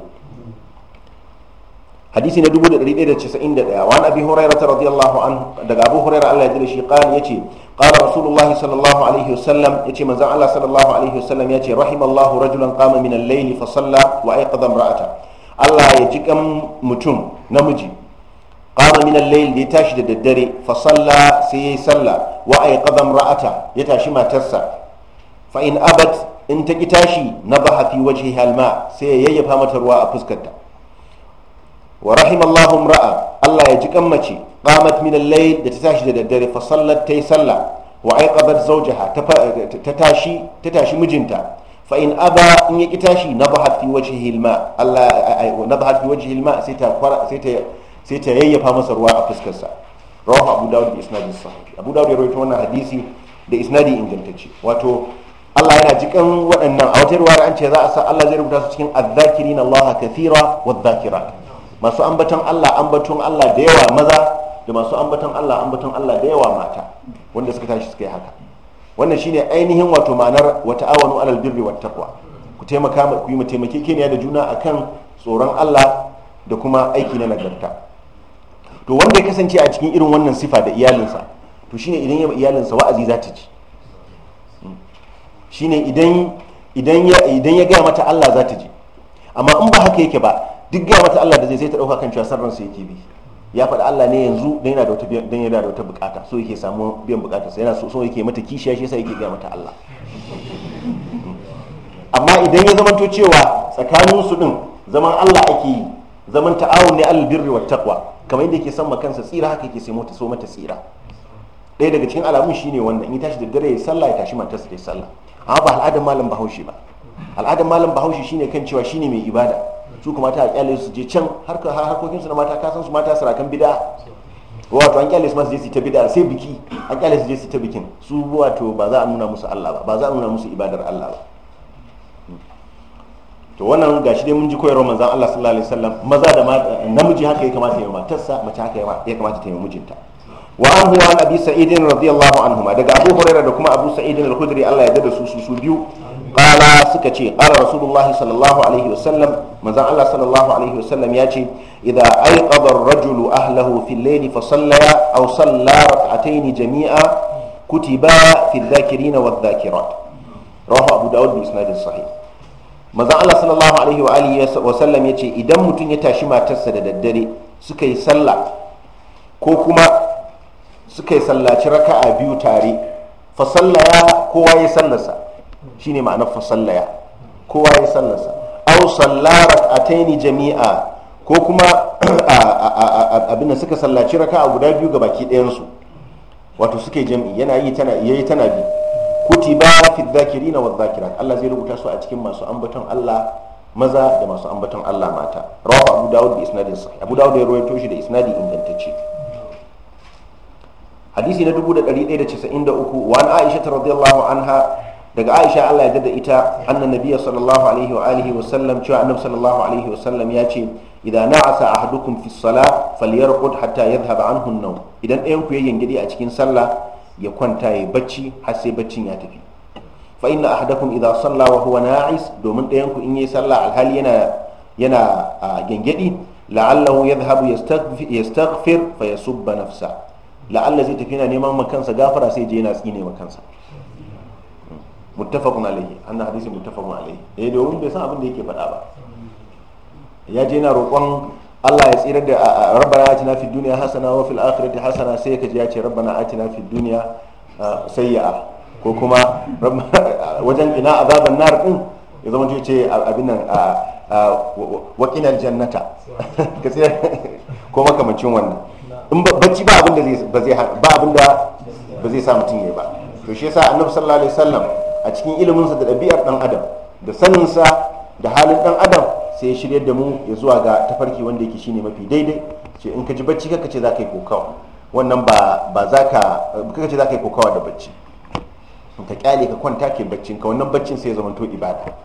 hadisi na 1191 wa abi hurairah radiyallahu an daga abu huraira Allah ya dade shi qali yace qala rasulullahi sallallahu alaihi wasallam yace manzan Allah sallallahu alaihi wasallam yace rahimallahu rajulan kama min al-layli fa salla wa ayqadha ra'ata Allah ya ji kan mutum namiji kama min al layli ya tashi da daddare fa salla sai yayi salla wa ayqadha ra'ata ya tashi matarsa fa in abat in ta ki tashi na baha fi wajhiha halma sai ya yayyafa mata ruwa a fuskarta wa rahimallahu ra'a Allah ya ji mace qamat min al-layl da ta tashi da daddare fa sallat tayi sallah wa aiqabat zawjaha ta tashi ta tashi mijinta fa in aba in yaki tashi nabahat fi wajhihi al-ma Allah nabahat fi wajhihi al-ma sai ta sai ta sai ta yayyafa masa ruwa a fuskar sa rawahu abu dawud bi isnadin sahih abu dawud ya rawaito wannan hadisi da isnadi ingantacce wato Allah yana jikan waɗannan a wata ruwa an ce za a sa Allah zai rubuta su cikin azzakirina Allah kathira wadh-dhakirat masu ambaton Allah ambaton Allah da yawa maza da masu ambaton Allah ambaton Allah da yawa mata wanda suka tashi suka yi haka wannan shine ainihin wato ma'anar wata awanu alal birri wat taqwa ku taimaka ku yi mu taimakekeniya da juna akan tsoron Allah da kuma aiki na nagarta to wanda ya kasance a cikin irin wannan sifa da iyalinsa to shine idan ya iyalinsa wa'azi za ta ji shine idan idan ya idan ya gaya mata Allah za ta ji amma in ba haka yake ba duk gaya mata Allah da zai sai ta dauka kan cewa sarran sa yake bi ya faɗi Allah ne yanzu dan yana da wata dan yana da wata bukata so yake samu biyan bukatar sa yana so so yake mata kishiya shi yasa yake gaya mata Allah amma idan ya zamanto cewa tsakanin su din zaman Allah ake yi zaman ta'awun ne alal birri wat taqwa kamar yadda yake san ma kansa tsira haka yake sai mota so mata tsira ɗaya daga cikin alamun shine wannan in ya tashi da dare ya sallah ya tashi matarsa ta sallah amma ba al'adan malam bahaushe ba al'adan malam bahaushe shine kan cewa shine mai ibada su kuma ta kyale su je can har harkokin su na mata kasan su mata sarakan bid'a wato an kyale su masu je su ta bid'a sai biki an kyale su je su ta bikin su wato ba za a nuna musu Allah ba ba za a nuna musu ibadar Allah ba to wannan gashi dai mun ji koyarwar manzon Allah sallallahu alaihi wasallam maza da mata namiji haka ya kamata ya yi matarsa mace haka ya kamata ta yi mijinta wa an huwa abi sa'idin radiyallahu anhuma daga abu hurairah da kuma abu sa'idin al-khudri Allah ya da su su biyu qala suka ce ƙara rasulullah sallallahu alaihi wasallam manzon Allah sallallahu alaihi wasallam ya ce idza ayqadha ar-rajulu ahlahu fil layli fa sallaya aw jami'a kutiba fi dhakirin wa dhakirat rawahu abu daud bi isnadin Allah sallallahu alaihi wa alihi wa sallam yace idan mutum ya tashi matarsa da daddare suka sallah ko kuma suka yi sallaci raka'a biyu tare fa kowa ya sallarsa Shi ne ma'anar fasallaya kowa ya sallasa. au sallara a taini jami'a ko kuma [CLEARS THROAT] abinda suka sallaci raka a guda biyu ga baki ɗayansu wato suke jami'i. yana yi tana yi tana bi kutiba fi na wa dhakirat Allah zai rubuta su a cikin masu ambaton Allah maza da masu ambaton Allah mata Rawa Abu Dawud bi isnadin sahih Abu Dawud ya rawaito shi da isnadi ingantacce hadisi na 1193 wa an Aisha radiyallahu anha daga aisha allah ya da ita annan nabiya sallallahu alaihi wa alihi wa sallam cewa sallallahu alaihi wa sallam ya ce idan a ahadukum fi sala falyarqud hatta yadhhab anhu an idan ɗayan ku ya yangidi a cikin sallah ya kwanta ya bacci har sai baccin ya tafi fa inna ahadakum idan salla wa huwa na'is domin ɗayan ku in yi sallah alhali yana yana gangadi la'allahu yadhhabu yastaghfir fa yasubba nafsa la'alla zai tafi yana neman makansa gafara sai je yana tsine makansa kansa muttafaqun alaihi annan hadisin muttafaqun eh bai san abin da yake faɗa ba ya je yana roƙon Allah ya tsira da rabbana atina fid dunya hasana wa fil akhirati hasana sai ka ji ya ce rabbana atina fid dunya sayya'a ko kuma wajen ina azaban nar din ya zama ce abin nan wakinar jannata [LAUGHS] ka ko wannan in bacci ba abin da ba zai sa mutum ne ba to shi yasa annabi sallallahu alaihi wasallam a cikin iliminsa da ɗabi'ar ɗan adam da saninsa da halin ɗan adam sai ya shirya da mu ya zuwa ga tafarki wanda yake shine mafi daidai ce in ka ji bacci kaka ce za ka yi kokawa wannan ba ba za ka ce za ka yi kokawa da bacci in ka kyale ka kwanta ke baccin ka wannan baccin sai ya zama to ibada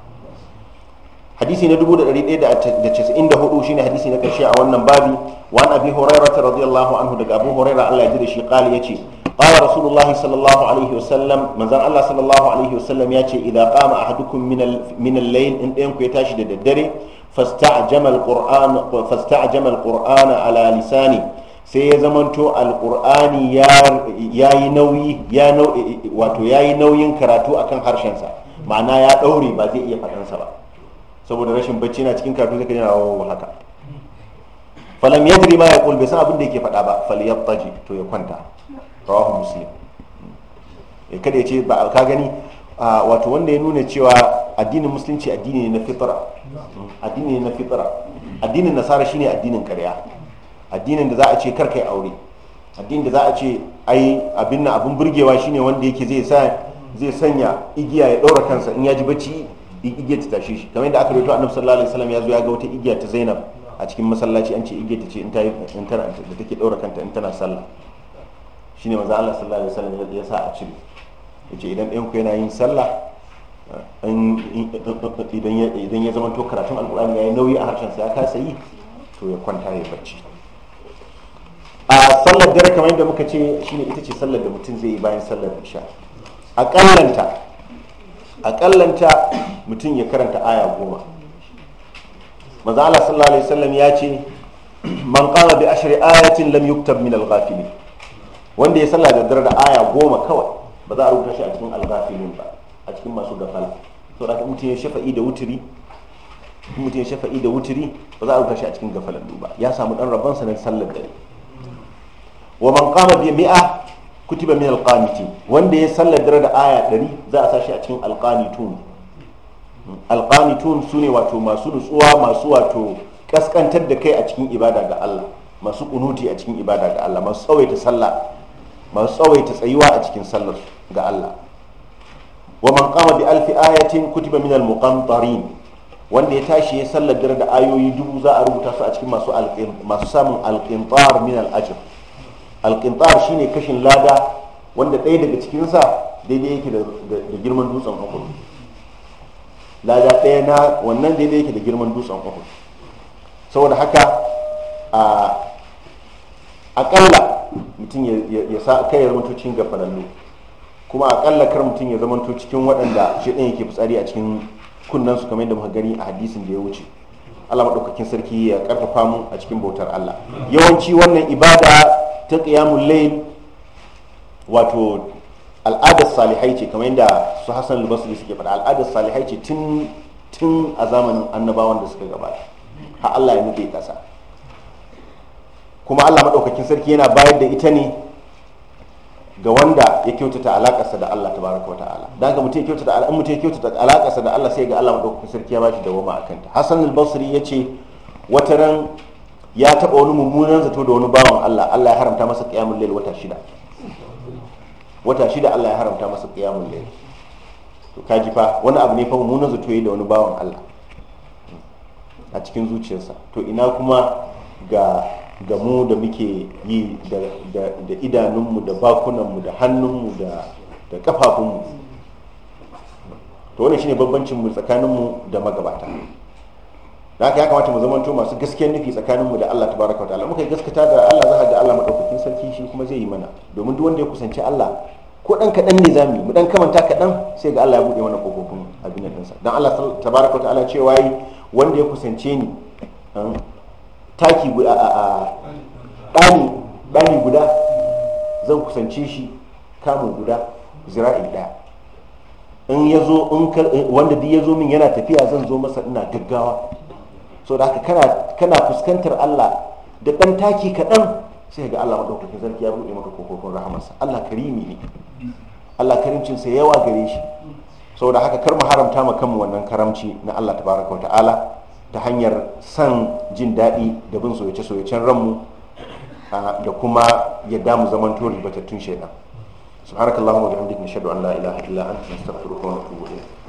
hadisi na 1194 shine hadisi na karshe a wannan babi wa an abi hurairah radiyallahu anhu daga abu hurairah Allah ya ji da shi qali yace qala rasulullahi sallallahu alaihi wasallam manzon ya ce idza qama ahadukum min al-layl in ɗayan ku ya tashi da daddare fasta'jama al-qur'an fasta'jama sai ya zamanto al-qur'ani yayi nauyi ya wato nauyin karatu akan harshen sa ma'ana ya daure ba zai iya faɗansa ba saboda rashin bacci na cikin karatu sai ka yana wawo haka ya yadri ma yaqul bai san abin da yake fada ba falyattaji to ya kwanta rawahu muslim ya eh, kada ya ce ba ka gani wato wanda ya nuna cewa addinin musulunci addini ne na fitra addini ne na fitra addinin nasara shine addinin karya addinin da za a ce kar kai aure addinin da za a ce ai abin na abin burgewa shine wanda yake zai sa zai sanya igiya ya daura kansa in ya ji bacci igiya ta tashi shi kamar yadda aka rubuta annabi sallallahu alaihi wasallam ya zo ya ga wata igiya ta Zainab a cikin masallaci an ce igiya ta ce in ta da take daura kanta in tana sallah shine manzo Allah sallallahu alaihi wasallam ya sa a cire yace idan ɗayan ku yana yin sallah idan ya zama to karatun alkur'ani ya yi nauyi a harshen ya kasa yi to ya kwanta ya bacci a sallar dare kamar yadda muka ce shine ita ce sallar da mutum zai yi bayan sallar isha a kallanta mutum ya karanta aya goma maza Allah sallallahu alaihi wasallam ya ce man qala bi ashri ayatin lam yuktab min al-ghafilin wanda ya sallah da dare da aya goma kawai ba za a rubuta shi a cikin alghafilin ba a cikin masu gafala to da mutum ya shafa'i da wuturi mutum ya shafa'i da wuturi ba za a rubuta shi a cikin gafalan ba ya samu dan rabon sa na sallar dare wa man qama bi mi'a kutiba min alqanitin wanda ya sallar dare da aya 100 za a sashi a cikin alqanitun alqanitun sune wato masu nutsuwa masu wato kaskantar da kai a cikin ibada ga Allah masu kunuti a cikin ibada ga Allah masu tsawaita sallah masu tsawaita tsayuwa a cikin sallar ga Allah wa man qama bi alfi ayatin kutiba min al-muqantarin wanda ya tashi ya sallar dare da ayoyi dubu za a rubuta su a cikin masu masu samun al-qintar min al-ajr al-qintar shine kashin lada wanda ɗaya daga cikin sa daidai yake da girman dutsen Uhud lada ɗaya na wannan daidai yake da girman dutsen Uhud saboda haka a akalla mutum ya sa kai ya zamanto cikin gafarallo kuma akalla kar mutum ya zamanto cikin waɗanda shi yake fitsari a cikin kunnan su kamar da muka gani a hadisin da ya wuce Allah madaukakin sarki ya karfafa mu a cikin bautar Allah yawanci wannan ibada ta qiyamul layl wato al'adar salihai ce kamar yadda su Hassan al-Basri suke faɗa al'adar salihai ce tun tun a zamanin annabawan da suka gabata har Allah ya nuke kasa kuma Allah maɗaukakin sarki yana bayar da ita ne ga wanda ya kyautata alakarsa da Allah tabaraka wa ta'ala dan haka mutum ya kyautata in mutum ya kyautata alakarsa da Allah sai ga Allah maɗaukakin sarki ya bashi wama a kanta. Hassan al-Basri ce wata ran ya taɓa wani mummunan zato da wani bawan Allah Allah ya haramta masa ƙiyamun lail wata shida wata shida Allah ya haramta masa ƙiyamun lail to kaji fa wani abu ne fa mummunan zato yayi da wani bawan Allah a cikin zuciyarsa to ina kuma ga da mu da muke yi da idanunmu da bakunanmu da hannunmu da kafafunmu to wani shine bambancinmu tsakaninmu da magabata da haka ya kamata mu zamanto masu gaskiyar nufi tsakaninmu da Allah baraka wa ta'ala muka yi gaskata da Allah za ga Allah maɗaukakin sarki shi kuma zai yi mana domin duk wanda ya kusanci Allah ko dan kaɗan ne zamu mu dan kamanta kaɗan sai ga Allah ya buɗe mana kofofin abin nan dan Allah baraka wa ta'ala cewa yi wanda ya kusance ni taki guda a ɗani guda zan kusance shi kamun guda zira'i ɗaya in ya zo wanda duk ya zo min yana tafiya zan zo masa ina gaggawa so da haka kana fuskantar Allah da ɗan taki kaɗan sai ga Allah maɗaukakin sarki ya buɗe maka kokokon rahamarsa Allah karimi ne Allah karimcinsa yawa gare shi saboda haka kar mu haramta ma kanmu wannan karamci na Allah tabaraka wa ta'ala ta hanyar san jin daɗi da bin soyace-soyacen ranmu da kuma yadda mu zaman tori batattun shaidan subhanakallahumma wa bihamdika nashhadu an la ilaha illa anta nastaghfiruka wa natubu ilayk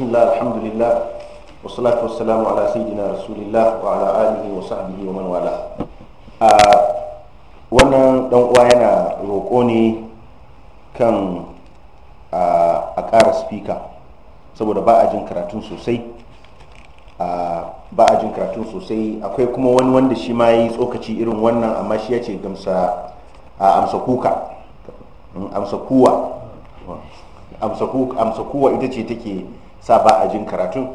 بسم الله الحمد لله والصلاة والسلام على سيدنا رسول الله وعلى آله وصحبه ومن والاه وانا dan uwa yana roƙo ne kan ah, a ƙara spika saboda ba a jin karatun sosai ah, ba a jin karatun sosai akwai kuma wani wanda shi ma yi tsokaci irin wannan amma shi ya ce gamsa a ah, amsa kuka hmm, amsa kuwa amsa kuwa ita ce take sa ba a jin karatun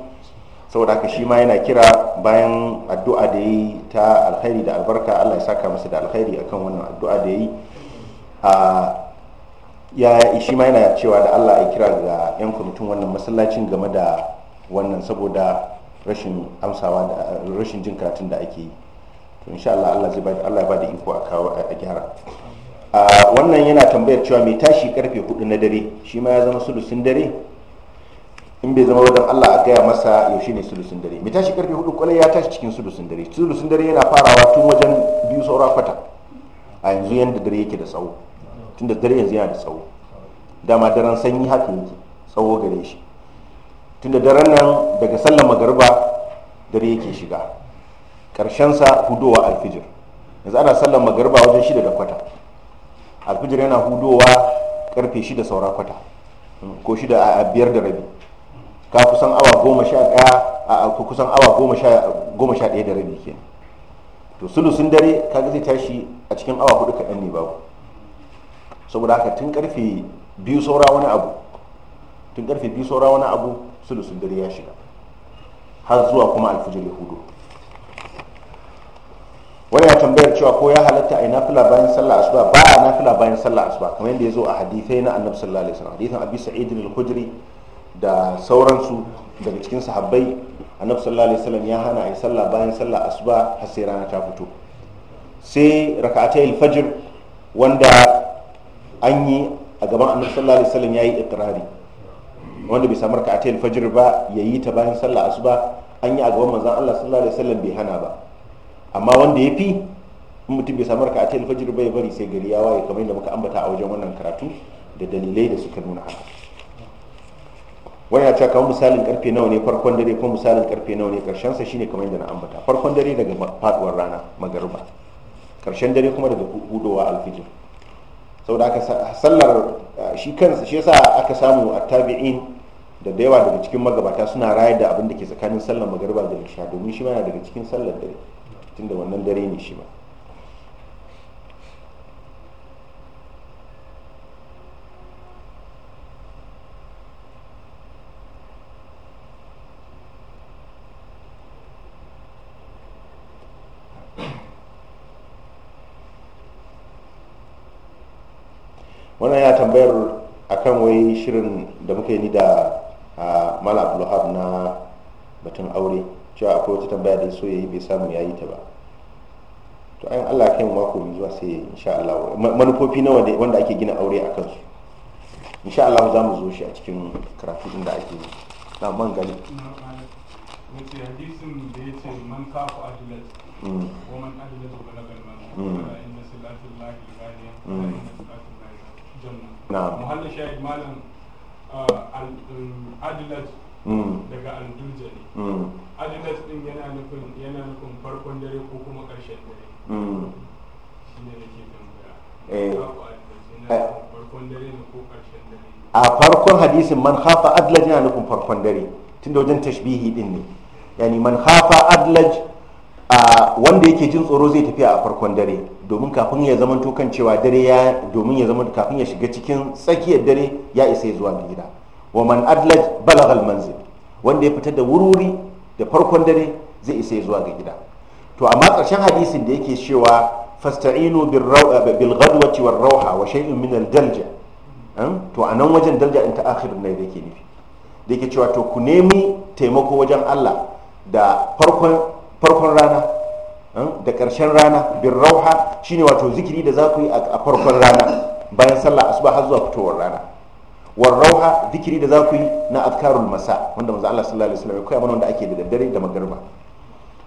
saboda haka shi ma yana kira bayan addu'a da yi ta alkhairi da albarka allah ya saka masa da alkhairi akan wannan addu'a da yi ya shi ma yana cewa da allah ya kira ga 'yan kwamitin wannan masallacin game da wannan saboda rashin amsawa da rashin jin karatun da ake yi to insha allah allah zai bada allah ya bada iko a kawo a gyara wannan yana tambayar cewa mai tashi karfe hudu na dare shi ma ya zama sulusin dare in bai zama wadan Allah a gaya masa yaushe ne sulusun dare mai tashi karfe hudu kwalai ya tashi cikin sulusun dare sulusun dare yana farawa tun wajen biyu saura kwata a yanzu yadda dare yake da tsawo tun da dare yanzu yana da tsawo dama daren sanyi haka yake tsawo gare shi tun da daren nan daga sallan magariba dare yake shiga sa hudowa alfijir yanzu ana sallan magariba wajen shida da kwata alfijir yana hudowa karfe shida saura kwata hmm, ko shida a biyar da rabi ka kusan awa goma sha ɗaya a kusan awa goma sha ɗaya da rabi ke to sulusun dare ka zai tashi a cikin awa hudu kaɗan ne babu saboda haka tun karfe biyu saura wani abu tun karfe biyu saura wani abu sulusun dare ya shiga har zuwa kuma alfijir ya hudu wani ya tambayar cewa ko ya halatta a yi nafila bayan sallah asuba ba a nafila bayan sallah asuba kamar yadda ya zo a hadithai na annabi sallallahu alaihi wasallam hadithan abi sa'id al-khudri da sauransu daga cikin sahabbai annabi sallallahu alaihi wasallam ya hana a yi sallah bayan sallah asuba har sai rana ta fito sai raka'atai alfajir wanda an yi a gaban annabi sallallahu alaihi wasallam yayi ikrari wanda bai samu raka'atai alfajir ba yayi ta bayan sallah asuba an yi a gaban manzon Allah sallallahu alaihi wasallam bai hana ba amma wanda ya fi mutum bai samu raka'atai alfajir ba ya bari sai gari ya waye kamar yadda muka ambata a wajen wannan karatu da dalilai da suka nuna haka wannan ce kawo misalin karfe nawa ne farkon dare ko misalin karfe nawa ne karshen sa shine kamar yadda na ambata farkon dare daga faduwar rana magariba karshen dare kuma daga hudowa alfijir saboda aka sallar shi kansa shi yasa aka samu attabi'in da da yawa daga cikin magabata suna rayar da abin da ke tsakanin sallar magariba da isha domin shi ma yana daga cikin sallar dare tunda wannan dare ne shi ma wannan ya tambayar akan wai shirin da muka yi ni da mala abdulhab na batun aure cewa akwai wata tambaya da so yayi bai samu yayi ta ba to ayin allah kai mako mai zuwa sai insha allah manufofi nawa wanda ake gina aure a kansu insha allah za mu zo shi a cikin karatu inda ake yi na man gani wace hadisin da ya ce man kafu adilat ko mm. man adilat balagal man mm. inda salatu lahi gani na'am uh, um, hmm. daga hmm. din yana nufin yana nufin farkon dare ko kuma dare hmm. eh. eh. farkon dare ne ko dare a farkon hadisin man hafa adlaj yana nufin farkon dare tunda wajen tashbihi din ne yani man hafa adlaj a wanda yake jin tsoro zai tafiya a farkon dare domin kafin ya zama kan cewa dare ya domin ya zama kafin ya shiga cikin tsakiyar dare ya isa zuwa gida wa man adlaj balagal manzil wanda ya fita da wuri-wuri da farkon dare zai isa zuwa ga gida to amma ƙarshen hadisin da yake cewa fasta'inu bil ghadwati war rauha wa shay'in min al dalja hmm? to anan wajen dalja in ta'akhirun ne yake nufi da yake cewa to ku nemi taimako wajen Allah da farkon farkon rana eh, da ƙarshen rana bin rauha shine wato zikiri da za ku yi a farkon rana bayan sallah asuba har zuwa fitowar rana war rauha zikiri da za ku yi na afkarul masa wanda manzo Allah sallallahu alaihi wasallam ya koya mana wanda ake da daddare da magarba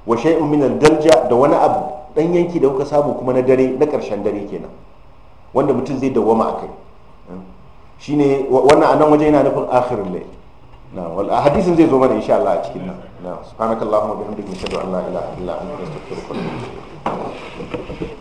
wa shay'un min dalja da wani abu dan yanki da kuka samu kuma na dare na ƙarshen dare kenan wanda mutum zai dawwama akai eh. shine wannan anan waje yana nufin akhirul layl na'am wal hadisin zai zo mana insha Allah a cikin nan na'am subhanakallahumma bihamdika nashhadu an ala ilaha illa anta astaghfiruka wa atubu ilaik